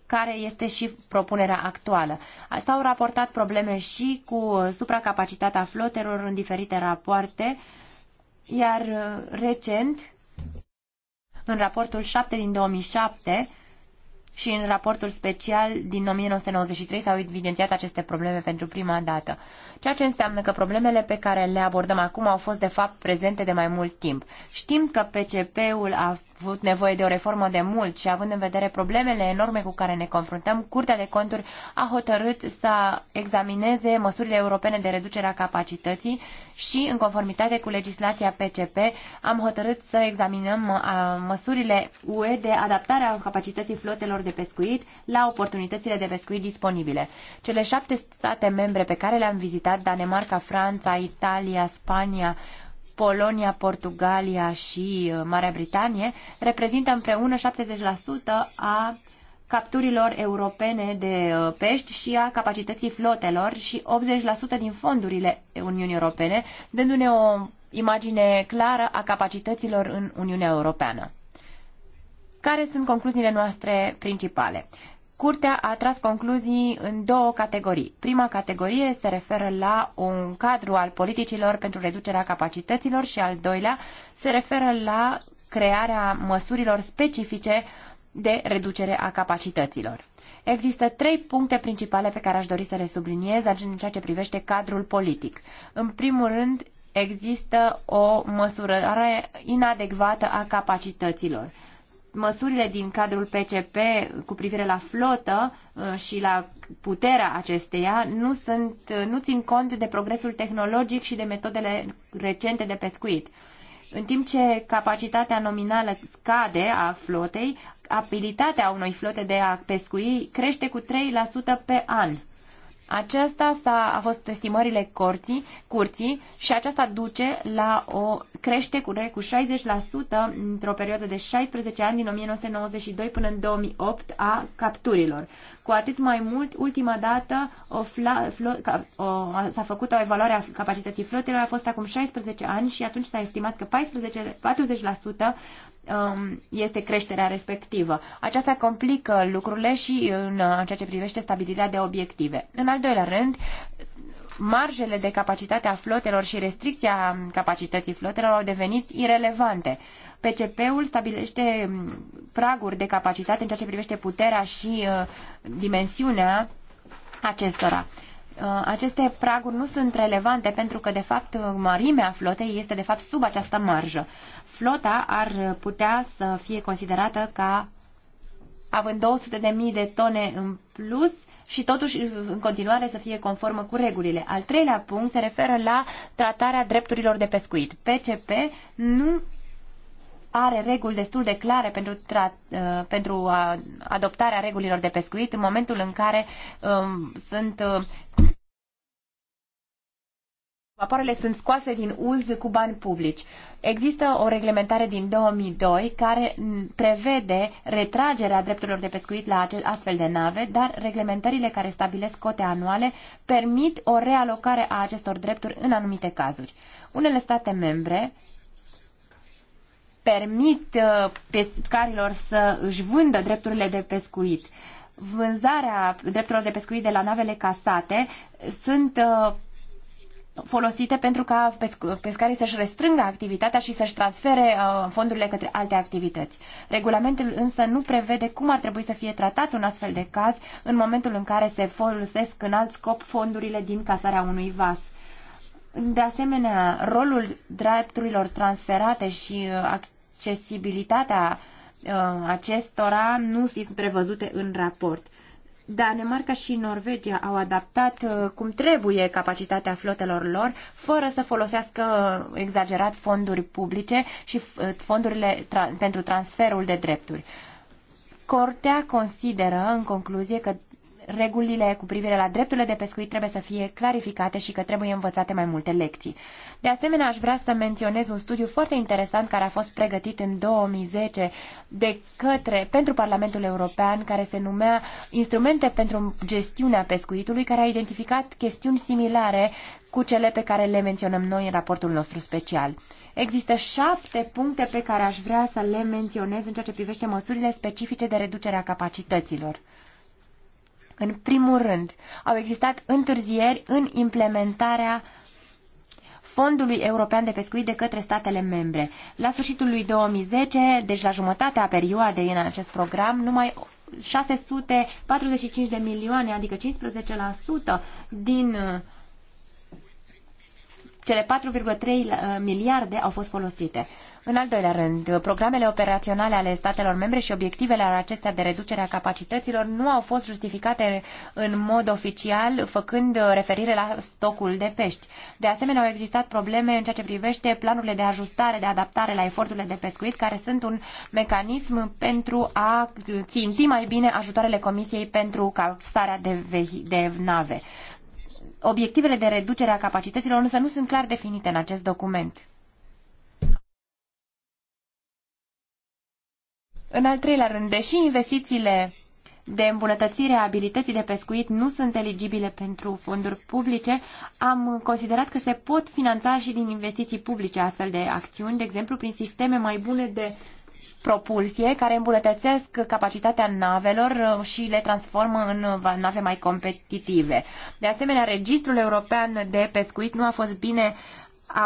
care este și propunerea actuală. S-au raportat probleme și cu supracapacitatea flotelor în diferite rapoarte, iar uh, recent, în raportul 7 din 2007, și în raportul special din 1993 s-au evidențiat aceste probleme pentru prima dată, ceea ce înseamnă că problemele pe care le abordăm acum au fost de fapt prezente de mai mult timp. Știm că PCP-ul a avut nevoie de o reformă de mult și având în vedere problemele enorme cu care ne confruntăm, Curtea de Conturi a hotărât să examineze măsurile europene de reducere a capacității și, în conformitate cu legislația PCP, am hotărât să examinăm uh, măsurile UE de adaptare a capacității flotelor de pescuit la oportunitățile de pescuit disponibile. Cele șapte state membre pe care le-am vizitat, Danemarca, Franța, Italia, Spania, Polonia, Portugalia și uh, Marea Britanie, reprezintă împreună 70% a capturilor europene de uh, pești și a capacității flotelor și 80% din fondurile Uniunii Europene, dându-ne o imagine clară a capacităților în Uniunea Europeană. Care sunt concluziile noastre principale? Curtea a tras concluzii în două categorii. Prima categorie se referă la un cadru al politicilor pentru reducerea capacităților și al doilea se referă la crearea măsurilor specifice de reducere a capacităților. Există trei puncte principale pe care aș dori să le subliniez în ceea ce privește cadrul politic. În primul rând, există o măsurare inadecvată a capacităților măsurile din cadrul PCP cu privire la flotă uh, și la puterea acesteia nu, sunt, uh, nu țin cont de progresul tehnologic și de metodele recente de pescuit. În timp ce capacitatea nominală scade a flotei, abilitatea unei flote de a pescui crește cu 3% pe an. Aceasta s-a, a fost estimările corții, curții și aceasta duce la o creștere cu 60% într-o perioadă de 16 ani din 1992 până în 2008 a capturilor. Cu atât mai mult, ultima dată o s-a făcut o evaluare a capacității flotelor, a fost acum 16 ani și atunci s-a estimat că 14, 40% Um, este creșterea respectivă. Aceasta complică lucrurile și uh, în ceea ce privește stabilirea de obiective. În al doilea rând, marjele de capacitate a flotelor și restricția capacității flotelor au devenit irelevante. PCP-ul stabilește um, praguri de capacitate în ceea ce privește puterea și uh, dimensiunea acestora. Uh, aceste praguri nu sunt relevante pentru că, de fapt, mărimea flotei este, de fapt, sub această marjă. Flota ar putea să fie considerată ca având 200.000 de tone în plus și totuși în continuare să fie conformă cu regulile. Al treilea punct se referă la tratarea drepturilor de pescuit. PCP nu are reguli destul de clare pentru, tra- uh, pentru adoptarea regulilor de pescuit în momentul în care um, sunt uh, Vapoarele sunt scoase din uz cu bani publici. Există o reglementare din 2002 care prevede retragerea drepturilor de pescuit la astfel de nave, dar reglementările care stabilesc cote anuale permit o realocare a acestor drepturi în anumite cazuri. Unele state membre permit uh, pescarilor să își vândă drepturile de pescuit. Vânzarea drepturilor de pescuit de la navele casate sunt uh, folosite pentru ca pescarii să-și restrângă activitatea și să-și transfere uh, fondurile către alte activități. Regulamentul însă nu prevede cum ar trebui să fie tratat un astfel de caz în momentul în care se folosesc în alt scop fondurile din casarea unui vas. De asemenea, rolul drepturilor transferate și accesibilitatea uh, acestora nu sunt prevăzute în raport. Danemarca și Norvegia au adaptat uh, cum trebuie capacitatea flotelor lor, fără să folosească exagerat fonduri publice și uh, fondurile tra- pentru transferul de drepturi. Cortea consideră, în concluzie, că regulile cu privire la drepturile de pescuit trebuie să fie clarificate și că trebuie învățate mai multe lecții. De asemenea, aș vrea să menționez un studiu foarte interesant care a fost pregătit în 2010 de către, pentru Parlamentul European, care se numea Instrumente pentru gestiunea pescuitului, care a identificat chestiuni similare cu cele pe care le menționăm noi în raportul nostru special. Există șapte puncte pe care aș vrea să le menționez în ceea ce privește măsurile specifice de reducere a capacităților. În primul rând, au existat întârzieri în implementarea Fondului European de Pescuit de către statele membre. La sfârșitul lui 2010, deci la jumătatea perioadei în acest program, numai 645 de milioane, adică 15% din uh, cele 4,3 uh, miliarde au fost folosite. În al doilea rând, programele operaționale ale statelor membre și obiectivele acestea de reducere a capacităților nu au fost justificate în mod oficial, făcând uh, referire la stocul de pești. De asemenea, au existat probleme în ceea ce privește planurile de ajustare, de adaptare la eforturile de pescuit, care sunt un mecanism pentru a ținti mai bine ajutoarele Comisiei pentru captarea de, de nave obiectivele de reducere a capacităților însă nu sunt clar definite în acest document. În al treilea rând, deși investițiile de îmbunătățire a abilității de pescuit nu sunt eligibile pentru fonduri publice, am considerat că se pot finanța și din investiții publice astfel de acțiuni, de exemplu prin sisteme mai bune de propulsie care îmbunătățesc capacitatea navelor uh, și le transformă în uh, nave mai competitive. De asemenea, registrul european de pescuit nu a fost bine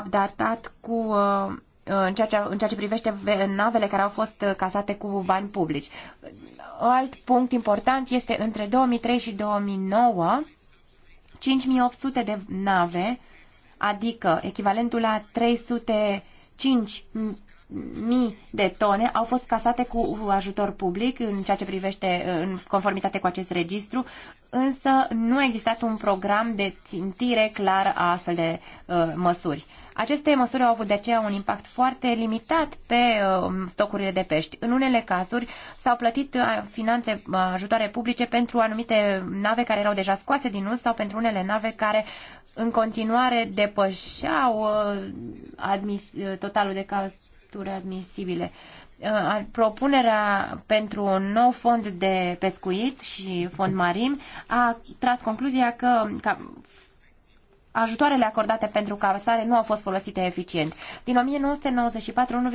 updatat cu uh, în ceea, ce, în ceea ce privește navele care au fost casate cu bani publici. Alt punct important este între 2003 și 2009 5800 de nave, adică echivalentul la 305 mii de tone au fost casate cu ajutor public în ceea ce privește în conformitate cu acest registru, însă nu a existat un program de țintire clar a astfel de uh, măsuri. Aceste măsuri au avut de aceea un impact foarte limitat pe uh, stocurile de pești. În unele cazuri s-au plătit uh, finanțe uh, ajutoare publice pentru anumite nave care erau deja scoase din uz sau pentru unele nave care în continuare depășeau uh, admis, uh, totalul de caz capturi admisibile. Uh, propunerea pentru un nou fond de pescuit și fond marin a tras concluzia că ajutoarele acordate pentru casare nu au fost folosite eficient. Din 1994,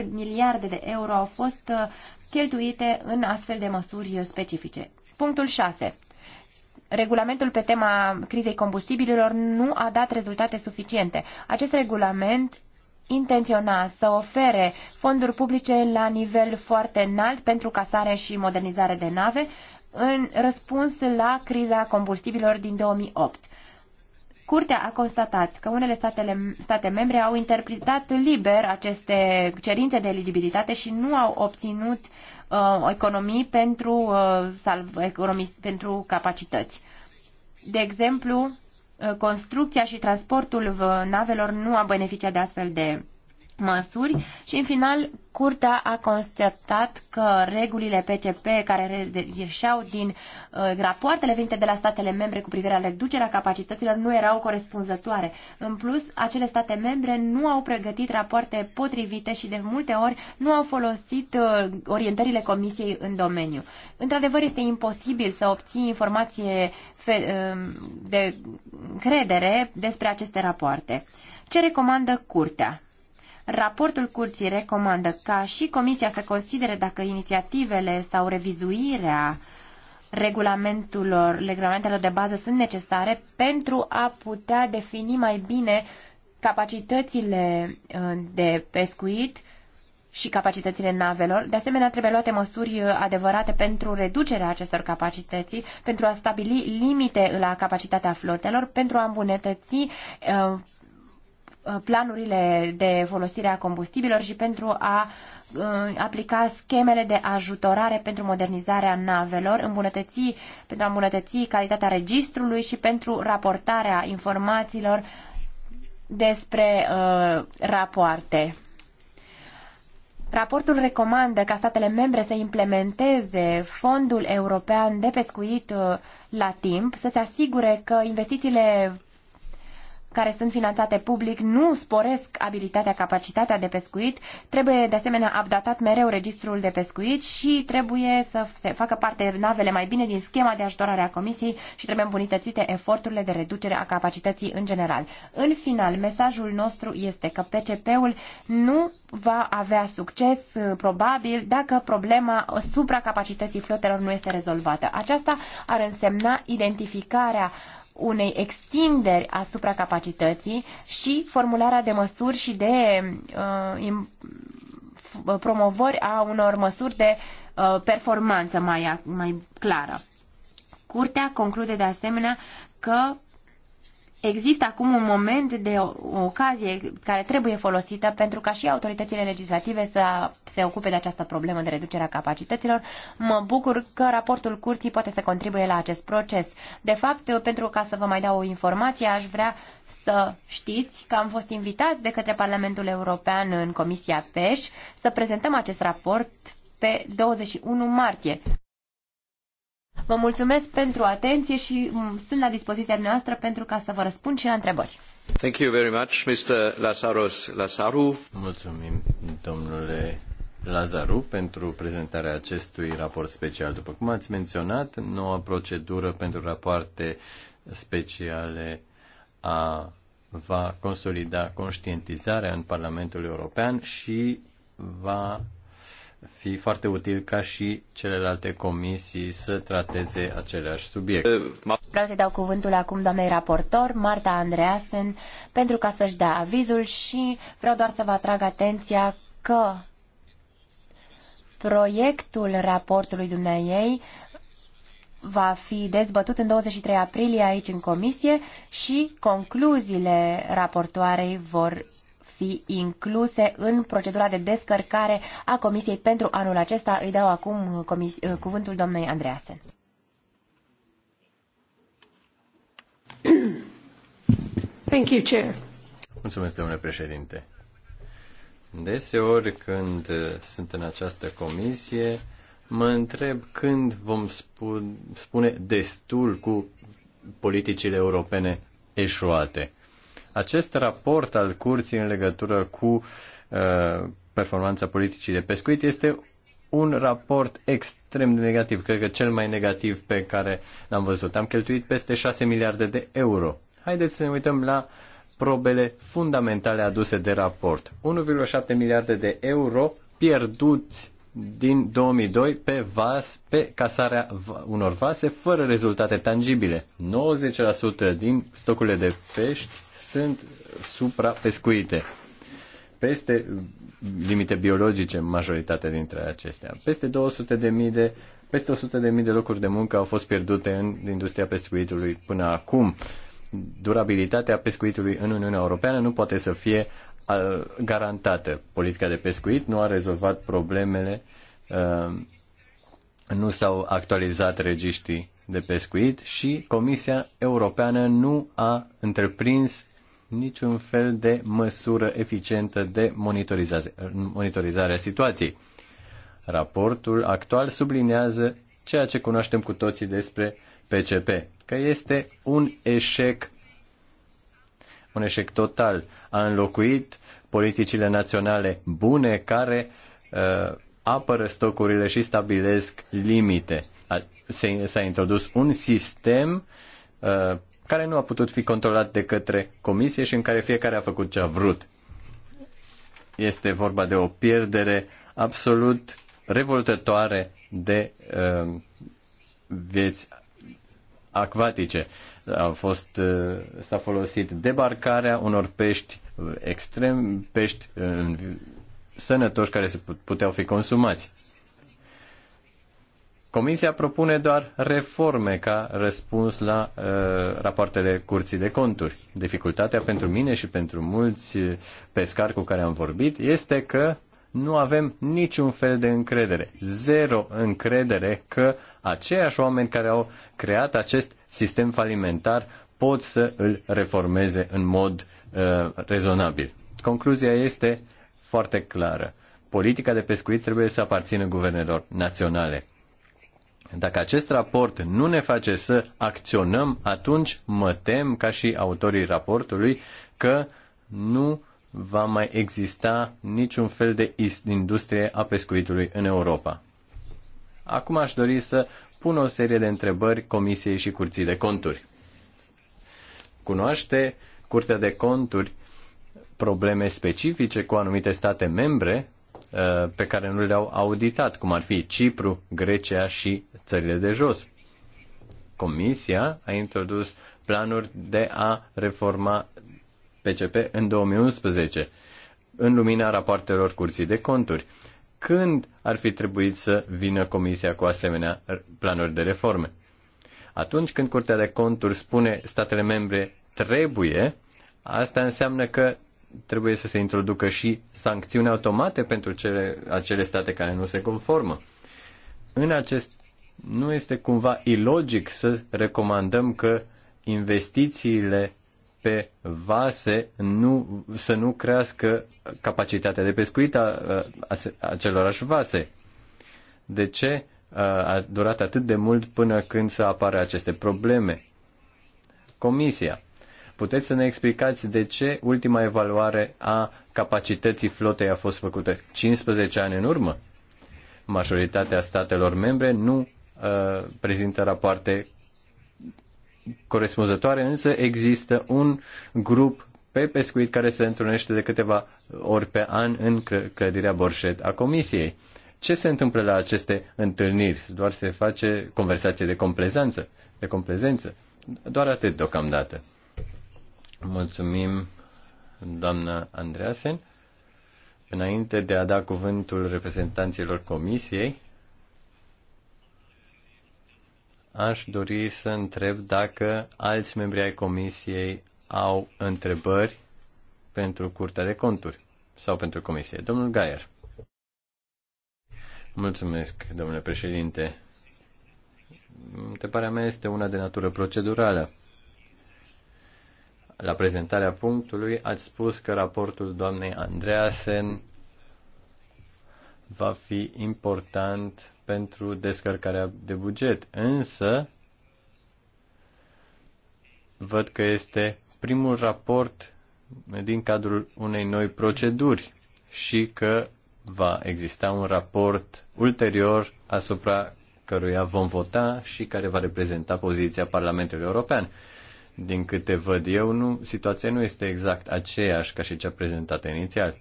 1,7 miliarde de euro au fost uh, cheltuite în astfel de măsuri specifice. Punctul 6. Regulamentul pe tema crizei combustibililor nu a dat rezultate suficiente. Acest regulament intenționa să ofere fonduri publice la nivel foarte înalt pentru casare și modernizare de nave în răspuns la criza combustibilor din 2008. Curtea a constatat că unele statele, state membre au interpretat liber aceste cerințe de eligibilitate și nu au obținut uh, economii pentru, uh, salv, economii pentru capacități. De exemplu, construcția și transportul navelor nu a beneficiat de astfel de măsuri și în final Curtea a constatat că regulile PCP care ieșeau din uh, rapoartele venite de la statele membre cu privire la reducerea capacităților nu erau corespunzătoare. În plus, acele state membre nu au pregătit rapoarte potrivite și de multe ori nu au folosit uh, orientările Comisiei în domeniu. Într-adevăr, este imposibil să obții informație um, de credere despre aceste rapoarte. Ce recomandă Curtea? Raportul curții recomandă ca și Comisia să considere dacă inițiativele sau revizuirea regulamentelor, regulamentelor de bază sunt necesare pentru a putea defini mai bine capacitățile uh, de pescuit și capacitățile navelor. De asemenea, trebuie luate măsuri uh, adevărate pentru reducerea acestor capacități, pentru a stabili limite la capacitatea flotelor, pentru a îmbunătăți uh, Uh, planurile de folosire a combustibilor și pentru a uh, aplica schemele de ajutorare pentru modernizarea navelor, îmbunătăți, pentru a îmbunătăți calitatea registrului și pentru raportarea informațiilor despre uh, rapoarte. Raportul recomandă ca statele membre să implementeze fondul european de pescuit uh, la timp, să se asigure că investițiile care sunt finanțate public nu sporesc abilitatea, capacitatea de pescuit. Trebuie de asemenea updatat mereu registrul de pescuit și trebuie să se facă parte navele mai bine din schema de ajutorare a Comisiei și trebuie îmbunătățite eforturile de reducere a capacității în general. În final, mesajul nostru este că PCP-ul nu va avea succes uh, probabil dacă problema supracapacității flotelor nu este rezolvată. Aceasta ar însemna identificarea uh, unei extinderi asupra capacității și formularea de măsuri și de uh, promovări a unor măsuri de uh, performanță mai, mai clară. Curtea conclude de asemenea că Există acum un moment de o, o ocazie care trebuie folosită pentru ca și autoritățile legislative să se ocupe de această problemă de reducerea capacităților. Mă bucur că raportul curții poate să contribuie la acest proces. De fapt, pentru ca să vă mai dau o informație, aș vrea să știți că am fost invitați de către Parlamentul European în Comisia PEș să prezentăm acest raport pe 21 martie. Vă mulțumesc pentru atenție și mm, sunt la dispoziția noastră pentru ca să vă răspund și la întrebări. Thank you very much, Mr. Lazaros Lazaru. Mulțumim, domnule Lazaru, pentru prezentarea acestui raport special. După cum ați menționat, noua procedură pentru rapoarte speciale a, va consolida conștientizarea în Parlamentul European și va fi foarte util ca și celelalte comisii să trateze aceleași subiecte. Vreau să dau cuvântul acum doamnei raportor, Marta Andreasen, pentru ca să-și dea avizul și vreau doar să vă atrag atenția că proiectul raportului dumneiei va fi dezbătut în 23 aprilie aici în comisie și concluziile raportoarei vor fi incluse în procedura de descărcare a Comisiei pentru anul acesta. Îi dau acum uh, uh, cuvântul doamnei Andreasen. Thank you, Chair. Mulțumesc, domnule președinte. Deseori când uh, sunt în această comisie, mă întreb când vom spune destul cu politicile europene eșuate. Acest raport al curții în legătură cu uh, performanța politicii de pescuit este un raport extrem de negativ, cred că cel mai negativ pe care l-am văzut. Am cheltuit peste 6 miliarde de euro. Haideți să ne uităm la probele fundamentale aduse de raport. 1,7 miliarde de euro pierduți din 2002 pe vas, pe casarea unor vase fără rezultate tangibile. 90% din stocurile de pești sunt suprapescuite peste limite biologice majoritatea dintre acestea. Peste 200 de mii de peste 100 de mii de locuri de muncă au fost pierdute în industria pescuitului până acum. Durabilitatea pescuitului în Uniunea Europeană nu poate să fie garantată. Politica de pescuit nu a rezolvat problemele, nu s-au actualizat registrii de pescuit și Comisia Europeană nu a întreprins niciun fel de măsură eficientă de monitorizare, monitorizare a situației. Raportul actual sublinează ceea ce cunoaștem cu toții despre PCP, că este un eșec, un eșec total. A înlocuit politicile naționale bune care uh, apără stocurile și stabilesc limite. S-a introdus un sistem uh, care nu a putut fi controlat de către comisie și în care fiecare a făcut ce a vrut. Este vorba de o pierdere absolut revoltătoare de uh, vieți acvatice. A fost, uh, s-a folosit debarcarea unor pești uh, extrem, pești uh, sănătoși care se puteau fi consumați. Comisia propune doar reforme ca răspuns la uh, rapoartele curții de conturi. Dificultatea pentru mine și pentru mulți uh, pescari cu care am vorbit este că nu avem niciun fel de încredere, zero încredere că aceiași oameni care au creat acest sistem falimentar pot să îl reformeze în mod uh, rezonabil. Concluzia este foarte clară. Politica de pescuit trebuie să aparțină guvernelor naționale dacă acest raport nu ne face să acționăm, atunci mă tem, ca și autorii raportului, că nu va mai exista niciun fel de industrie a pescuitului în Europa. Acum aș dori să pun o serie de întrebări Comisiei și Curții de Conturi. Cunoaște Curtea de Conturi probleme specifice cu anumite state membre Uh, pe care nu le-au auditat, cum ar fi Cipru, Grecia și țările de jos. Comisia a introdus planuri de a reforma PCP în 2011, în lumina rapoartelor curții de conturi. Când ar fi trebuit să vină Comisia cu asemenea planuri de reforme? Atunci când Curtea de Conturi spune statele membre trebuie, asta înseamnă că trebuie să se introducă și sancțiuni automate pentru cele, acele state care nu se conformă. În acest nu este cumva ilogic să recomandăm că investițiile pe vase nu, să nu crească capacitatea de pescuit a, a, a acelorași vase. De ce a durat atât de mult până când să apară aceste probleme? Comisia Puteți să ne explicați de ce ultima evaluare a capacității flotei a fost făcută 15 ani în urmă? Majoritatea statelor membre nu uh, prezintă rapoarte corespunzătoare, însă există un grup pe pescuit care se întrunește de câteva ori pe an în clădirea Borșet a Comisiei. Ce se întâmplă la aceste întâlniri? Doar se face conversație de complezanță, de complezență? Doar atât deocamdată. Mulțumim, doamnă Andreasen. Înainte de a da cuvântul reprezentanților comisiei, aș dori să întreb dacă alți membri ai comisiei au întrebări pentru Curtea de Conturi sau pentru comisie. Domnul Gaier. Mulțumesc, domnule președinte. Întrebarea mea este una de natură procedurală la prezentarea punctului, ați spus că raportul doamnei Andreasen va fi important pentru descărcarea de buget, însă văd că este primul raport din cadrul unei noi proceduri și că va exista un raport ulterior asupra căruia vom vota și care va reprezenta poziția Parlamentului European. Din câte văd eu, nu, situația nu este exact aceeași ca și cea prezentată inițial.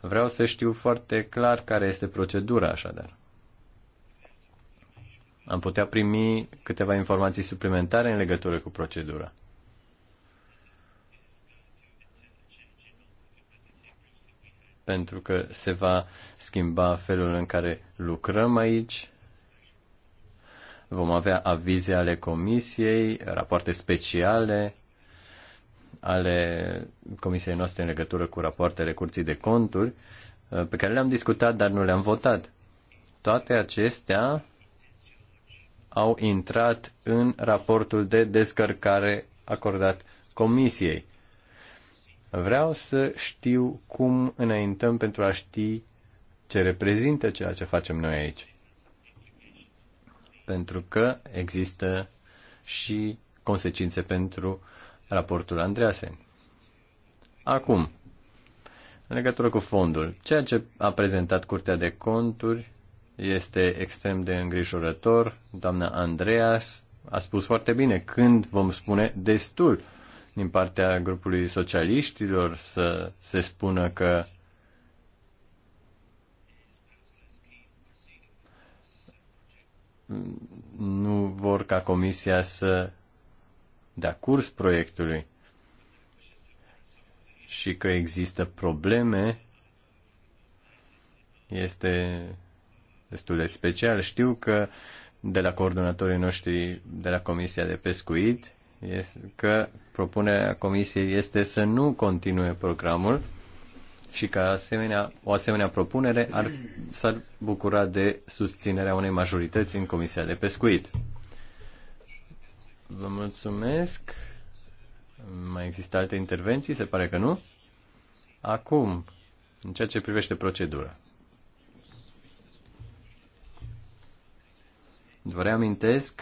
Vreau să știu foarte clar care este procedura, așadar. Am putea primi câteva informații suplimentare în legătură cu procedura. Pentru că se va schimba felul în care lucrăm aici, Vom avea avize ale comisiei, rapoarte speciale ale comisiei noastre în legătură cu rapoartele curții de conturi, uh, pe care le-am discutat, dar nu le-am votat. Toate acestea au intrat în raportul de descărcare acordat comisiei. Vreau să știu cum înaintăm pentru a ști ce reprezintă ceea ce facem noi aici pentru că există și consecințe pentru raportul Andreasen. Acum, în legătură cu fondul, ceea ce a prezentat Curtea de Conturi este extrem de îngrijorător. Doamna Andreas a spus foarte bine când vom spune destul din partea grupului socialiștilor să se spună că nu vor ca Comisia să dea curs proiectului și că există probleme este destul de special. Știu că de la coordonatorii noștri de la Comisia de Pescuit că propunerea Comisiei este să nu continue programul și că asemenea, o asemenea propunere ar, s-ar bucura de susținerea unei majorități în Comisia de Pescuit. Vă mulțumesc. Mai există alte intervenții? Se pare că nu. Acum, în ceea ce privește procedura. Vă reamintesc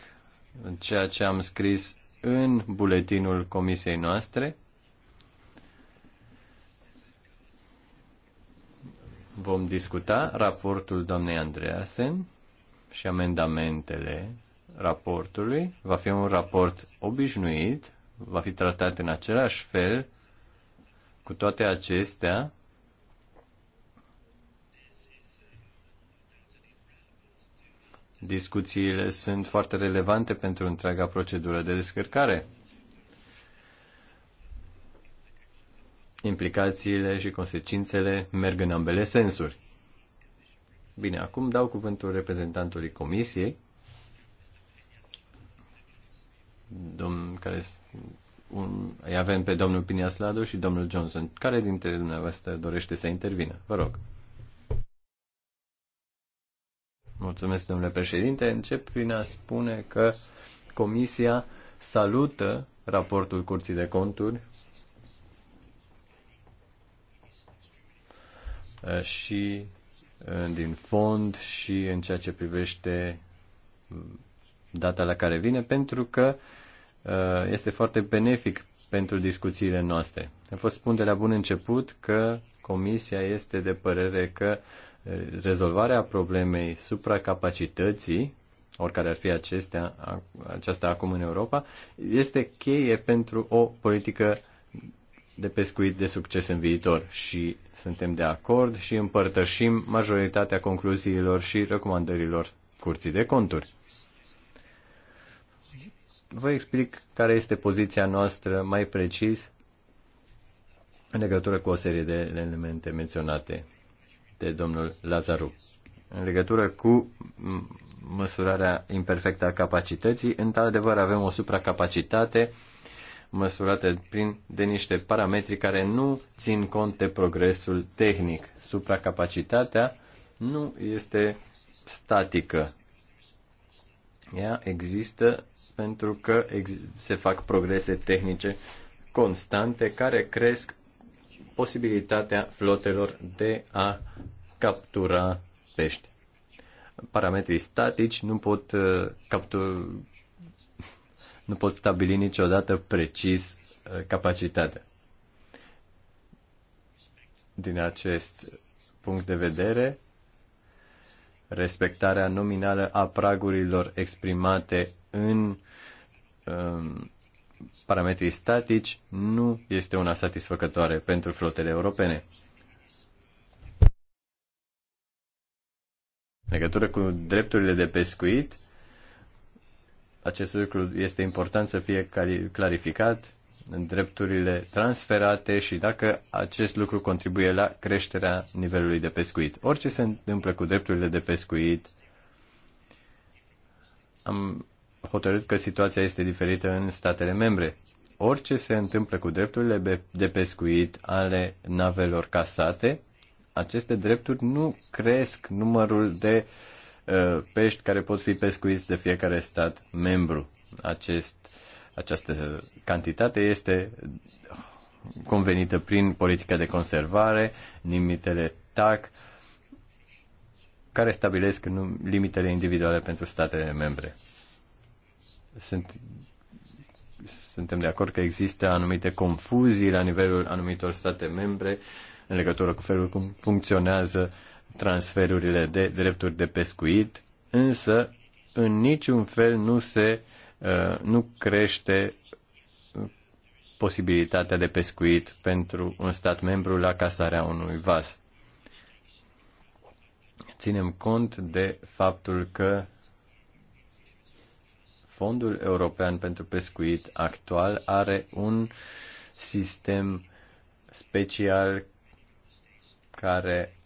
ceea ce am scris în buletinul comisiei noastre vom discuta raportul doamnei Andreasen și amendamentele raportului. Va fi un raport obișnuit, va fi tratat în același fel. Cu toate acestea, discuțiile sunt foarte relevante pentru întreaga procedură de descărcare. implicațiile și consecințele merg în ambele sensuri. Bine, acum dau cuvântul reprezentantului Comisiei, domn, care un, îi avem pe domnul Piniaslado și domnul Johnson. Care dintre dumneavoastră dorește să intervină? Vă rog. Mulțumesc, domnule președinte. Încep prin a spune că Comisia salută raportul Curții de Conturi Uh, și uh, din fond și în ceea ce privește mm, data la care vine, pentru că uh, este foarte benefic pentru discuțiile noastre. A fost spun de la bun început că Comisia este de părere că rezolvarea problemei supracapacității, oricare ar fi acestea, aceasta acum în Europa, este cheie pentru o politică de pescuit de succes în viitor și suntem de acord și împărtășim majoritatea concluziilor și recomandărilor Curții de Conturi. Vă explic care este poziția noastră mai precis în legătură cu o serie de elemente menționate de domnul Lazaru. În legătură cu măsurarea imperfectă a capacității, într-adevăr avem o supracapacitate măsurate prin, de niște parametri care nu țin cont de progresul tehnic. Supracapacitatea nu este statică. Ea există pentru că se fac progrese tehnice constante care cresc posibilitatea flotelor de a captura pești. Parametrii statici nu pot uh, captura nu pot stabili niciodată precis uh, capacitatea. Din acest punct de vedere, respectarea nominală a pragurilor exprimate în um, parametrii statici nu este una satisfăcătoare pentru flotele europene. În legătură cu drepturile de pescuit, acest lucru este important să fie clarificat în drepturile transferate și dacă acest lucru contribuie la creșterea nivelului de pescuit. Orice se întâmplă cu drepturile de pescuit, am hotărât că situația este diferită în statele membre. Orice se întâmplă cu drepturile de pescuit ale navelor casate, aceste drepturi nu cresc numărul de uh, Uh, pești care pot fi pescuiți de fiecare stat membru. Acest, această cantitate este convenită prin politica de conservare, limitele TAC, care stabilesc limitele individuale pentru statele membre. Sunt, suntem de acord că există anumite confuzii la nivelul anumitor state membre în legătură cu felul cum funcționează uh, transferurile de drepturi de pescuit, însă în niciun fel nu se uh, nu crește uh, posibilitatea de pescuit pentru un stat membru la casarea unui vas. Ținem cont de faptul că Fondul European pentru Pescuit actual are un sistem special care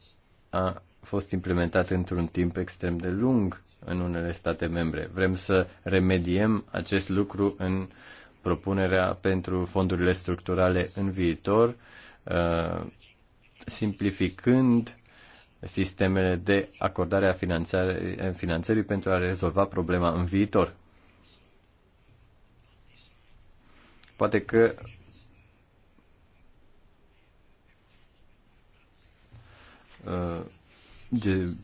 a fost implementat într-un timp extrem de lung în unele state membre. Vrem să remediem acest lucru în propunerea pentru fondurile structurale în viitor, simplificând sistemele de acordare a finanțării pentru a rezolva problema în viitor. Poate că Uh,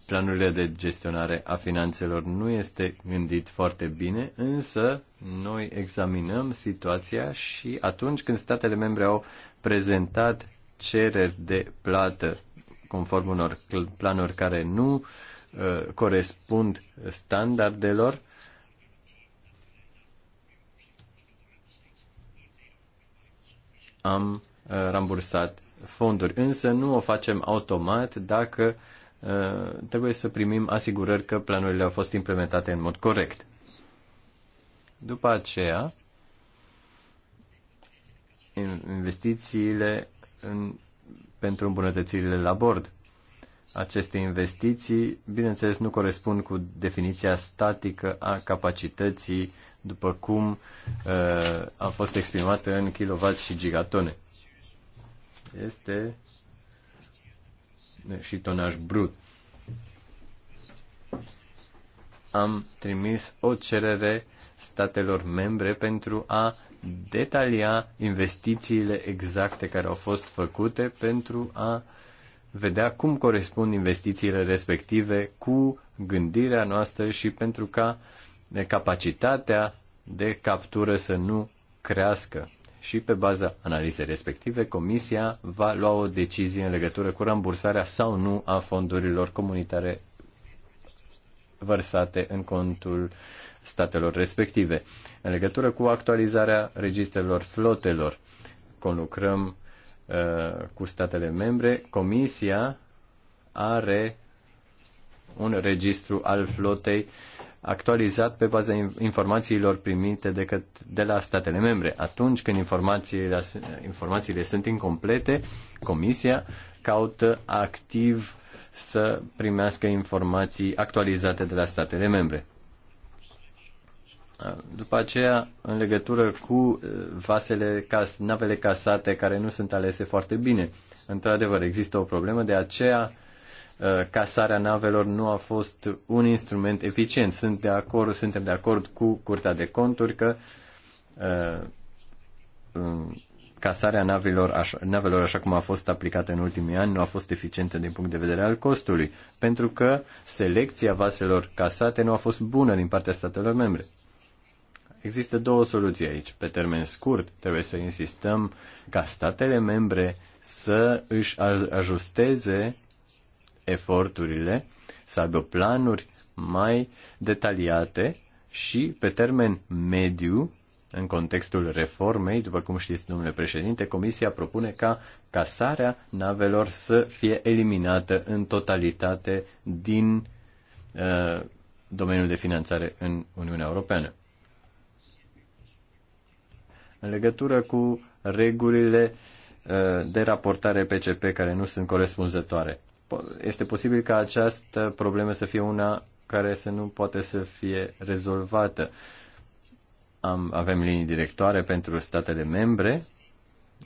planurile de gestionare a finanțelor nu este gândit foarte bine, însă noi examinăm situația și atunci când statele membre au prezentat cereri de plată conform unor planuri care nu uh, corespund standardelor, am uh, rambursat fonduri, însă nu o facem automat dacă uh, trebuie să primim asigurări că planurile au fost implementate în mod corect. După aceea, investițiile în, pentru îmbunătățirile la bord. Aceste investiții, bineînțeles, nu corespund cu definiția statică a capacității, după cum uh, a fost exprimată în kilowatt și gigatone este și tonaj brut. Am trimis o cerere statelor membre pentru a detalia investițiile exacte care au fost făcute pentru a vedea cum corespund investițiile respective cu gândirea noastră și pentru ca capacitatea de captură să nu crească și pe baza analizei respective, Comisia va lua o decizie în legătură cu rambursarea sau nu a fondurilor comunitare vărsate în contul statelor respective. În legătură cu actualizarea registrelor flotelor, conlucrăm uh, cu statele membre, Comisia are un registru al flotei actualizat pe baza informațiilor primite de, că, de la statele membre. Atunci când informațiile, informațiile sunt incomplete, Comisia caută activ să primească informații actualizate de la statele membre. După aceea, în legătură cu uh, vasele, cas, navele casate care nu sunt alese foarte bine, într-adevăr există o problemă, de aceea Uh, casarea navelor nu a fost un instrument eficient. Sunt de acord, suntem de acord cu Curtea de Conturi că uh, um, casarea navelor așa, navelor așa cum a fost aplicată în ultimii ani nu a fost eficientă din punct de vedere al costului, pentru că selecția vaselor casate nu a fost bună din partea statelor membre. Există două soluții aici. Pe termen scurt, trebuie să insistăm ca statele membre să își ajusteze eforturile, să aibă planuri mai detaliate și pe termen mediu, în contextul reformei, după cum știți, domnule președinte, Comisia propune ca casarea navelor să fie eliminată în totalitate din uh, domeniul de finanțare în Uniunea Europeană. În legătură cu regulile uh, de raportare PCP care nu sunt corespunzătoare este posibil ca această problemă să fie una care să nu poate să fie rezolvată. Am, avem linii directoare pentru statele membre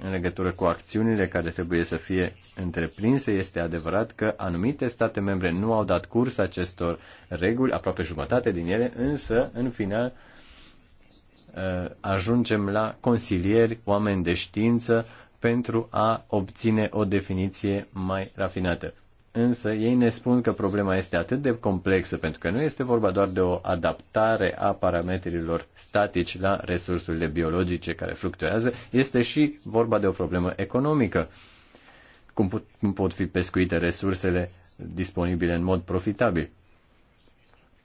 în legătură cu acțiunile care trebuie să fie întreprinse. Este adevărat că anumite state membre nu au dat curs acestor reguli, aproape jumătate din ele, însă, în final, uh, ajungem la consilieri, oameni de știință, pentru a obține o definiție mai rafinată. Însă ei ne spun că problema este atât de complexă pentru că nu este vorba doar de o adaptare a parametrilor statici la resursurile biologice care fluctuează, este și vorba de o problemă economică. Cum pot, cum pot fi pescuite resursele disponibile în mod profitabil?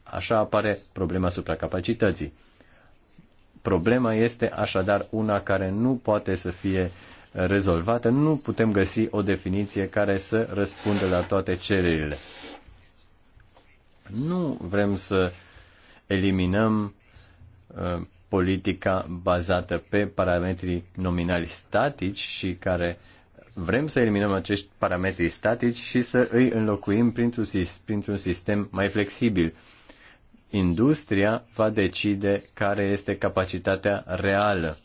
Așa apare problema supracapacității. Problema este așadar una care nu poate să fie rezolvate, nu putem găsi o definiție care să răspundă la toate cererile. Nu vrem să eliminăm uh, politica bazată pe parametrii nominali statici și care vrem să eliminăm acești parametri statici și să îi înlocuim printr-un, printr sistem mai flexibil. Industria va decide care este capacitatea reală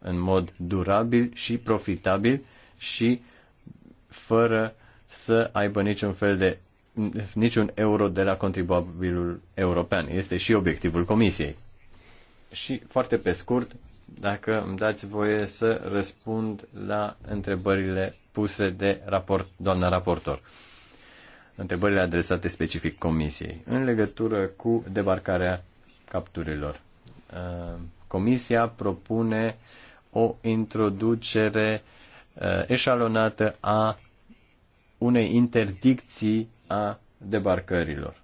în mod durabil și profitabil și fără să aibă niciun fel de niciun euro de la contribuabilul european. Este și obiectivul comisiei. Și foarte pe scurt, dacă îmi dați voie să răspund la întrebările puse de raport, doamna raportor. Întrebările adresate specific comisiei în legătură cu debarcarea capturilor. Uh, comisia propune uh, o introducere uh, eșalonată a unei interdicții a debarcărilor,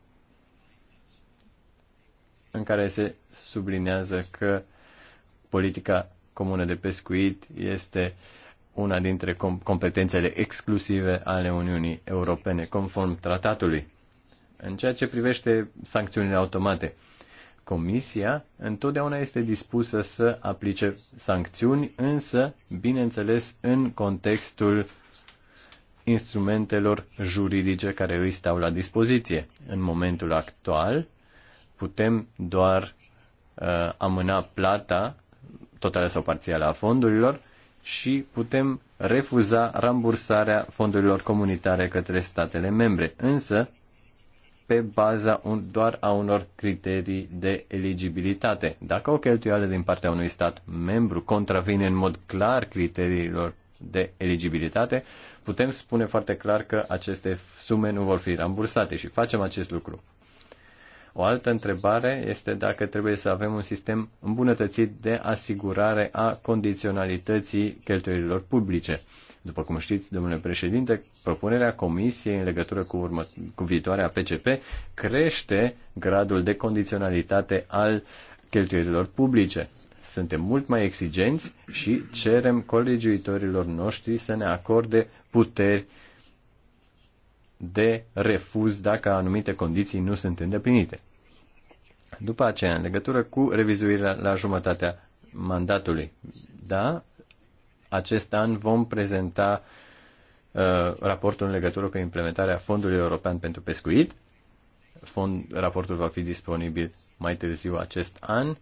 în care se sublinează că politica comună de pescuit este una dintre competențele exclusive ale Uniunii Europene, conform tratatului. În ceea ce privește sancțiunile automate, Comisia întotdeauna este dispusă să aplice sancțiuni, însă, bineînțeles, în contextul instrumentelor juridice care îi stau la dispoziție. În momentul actual, putem doar uh, amâna plata totală sau parțială a fondurilor și putem refuza rambursarea fondurilor comunitare către statele membre. Însă, pe baza un, doar a unor criterii de eligibilitate. Dacă o cheltuială din partea unui stat membru contravine în mod clar criteriilor de eligibilitate, putem spune foarte clar că aceste sume nu vor fi rambursate și facem acest lucru. O altă întrebare este dacă trebuie să avem un sistem îmbunătățit de asigurare a condiționalității cheltuielilor publice. După cum știți, domnule președinte, propunerea comisiei în legătură cu, urmă, cu viitoarea PCP crește gradul de condiționalitate al cheltuielilor publice. Suntem mult mai exigenți și cerem colegiuitorilor noștri să ne acorde puteri de refuz dacă anumite condiții nu sunt îndeplinite. După aceea, în legătură cu revizuirea la jumătatea mandatului, da, acest an vom prezenta uh, raportul în legătură cu implementarea Fondului European pentru Pescuit. Fond, raportul va fi disponibil mai târziu acest an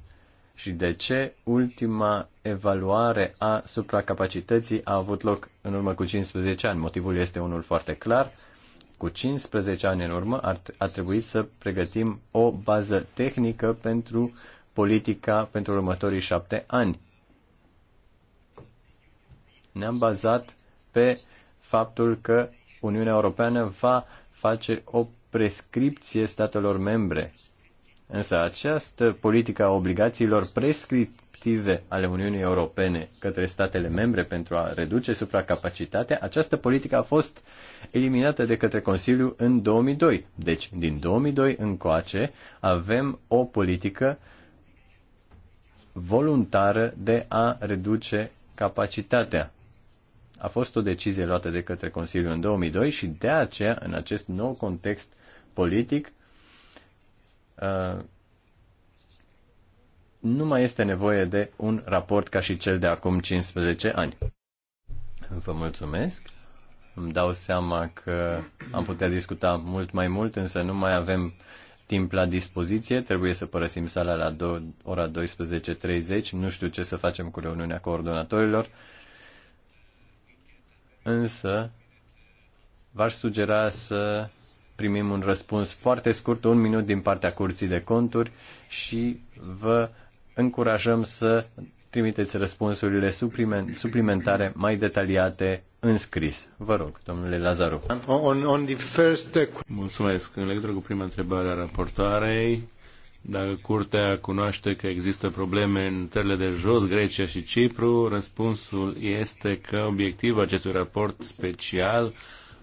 și de ce ultima evaluare a supracapacității a avut loc în urmă cu 15 ani. Motivul este unul foarte clar. Cu 15 ani în urmă ar, ar trebui să pregătim o bază tehnică pentru politica pentru următorii șapte ani. Ne-am bazat pe faptul că Uniunea Europeană va face o prescripție statelor membre. Însă această politică a obligațiilor prescriptive ale Uniunii Europene către statele membre pentru a reduce supracapacitatea, această politică a fost eliminată de către Consiliu în 2002. Deci, din 2002 încoace, avem o politică voluntară de a reduce capacitatea a fost o decizie luată de către Consiliu în 2002 și de aceea, în acest nou context politic, uh, nu mai este nevoie de un raport ca și cel de acum 15 ani. Vă mulțumesc. Îmi dau seama că am putea discuta mult mai mult, însă nu mai avem timp la dispoziție. Trebuie să părăsim sala la do- ora 12.30. Nu știu ce să facem cu reuniunea coordonatorilor însă v-aș sugera să primim un răspuns foarte scurt, un minut din partea Curții de Conturi și vă încurajăm să trimiteți răspunsurile suplimentare mai detaliate în scris. Vă rog, domnule Lazaru. On, on the first... Uh, Mulțumesc. În legătură cu prima întrebare a raportoarei, dacă curtea cunoaște că există probleme în țările de jos, Grecia și Cipru, răspunsul este că obiectivul acestui raport special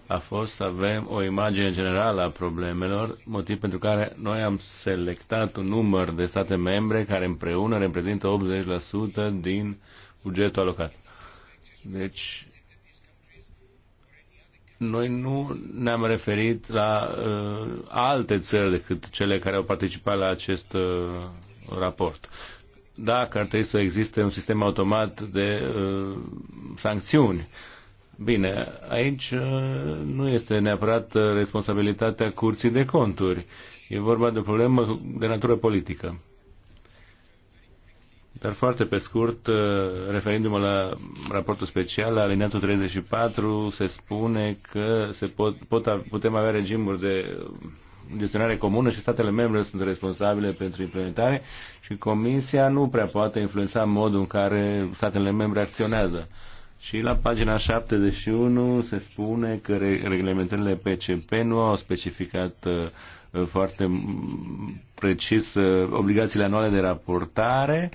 a fost să avem o imagine generală a problemelor, motiv pentru care noi am selectat un număr de state membre care împreună reprezintă 80% din bugetul alocat. Deci noi nu ne-am referit la uh, alte țări decât cele care au participat la acest uh, raport. Dacă ar trebui să existe un sistem automat de uh, sancțiuni. Bine, aici uh, nu este neapărat uh, responsabilitatea curții de conturi. E vorba de o problemă de natură politică. Dar foarte pe scurt, uh, referindu-mă la raportul special, la alineatul 34, se spune că se pot, pot, putem avea regimuri de uh, gestionare comună și statele membre sunt responsabile pentru implementare și Comisia nu prea poate influența modul în care statele membre acționează. Și la pagina 71 se spune că reglementările PCP nu au specificat uh, foarte precis obligațiile anuale de raportare,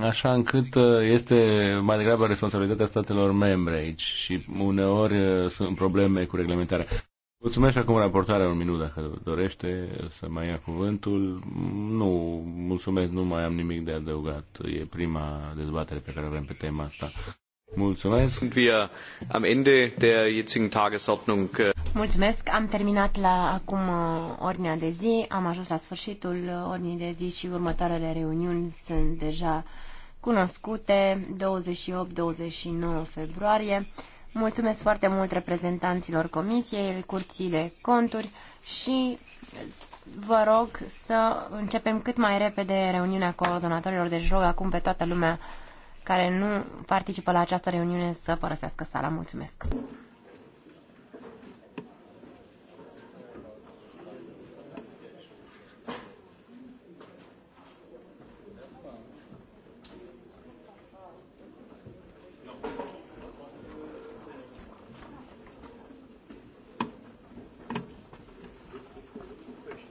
așa încât uh, este mai degrabă responsabilitatea statelor membre aici și uneori uh, sunt probleme cu reglementarea. Mulțumesc acum raportarea un minut dacă dorește să mai ia cuvântul. Nu, mulțumesc, nu mai am nimic de adăugat. E prima dezbatere pe care o avem pe tema asta. Mulțumesc. am Ende der jetzigen Tagesordnung. Äh, Mulțumesc. Am terminat la acum uh, ordinea de zi. Am ajuns la sfârșitul uh, ordinii de zi și următoarele reuniuni sunt deja cunoscute 28-29 februarie. Mulțumesc foarte mult reprezentanților comisiei, curții de conturi și vă rog să începem cât mai repede reuniunea coordonatorilor, deci rog acum pe toată lumea care nu participă la această reuniune să părăsească sala. Mulțumesc!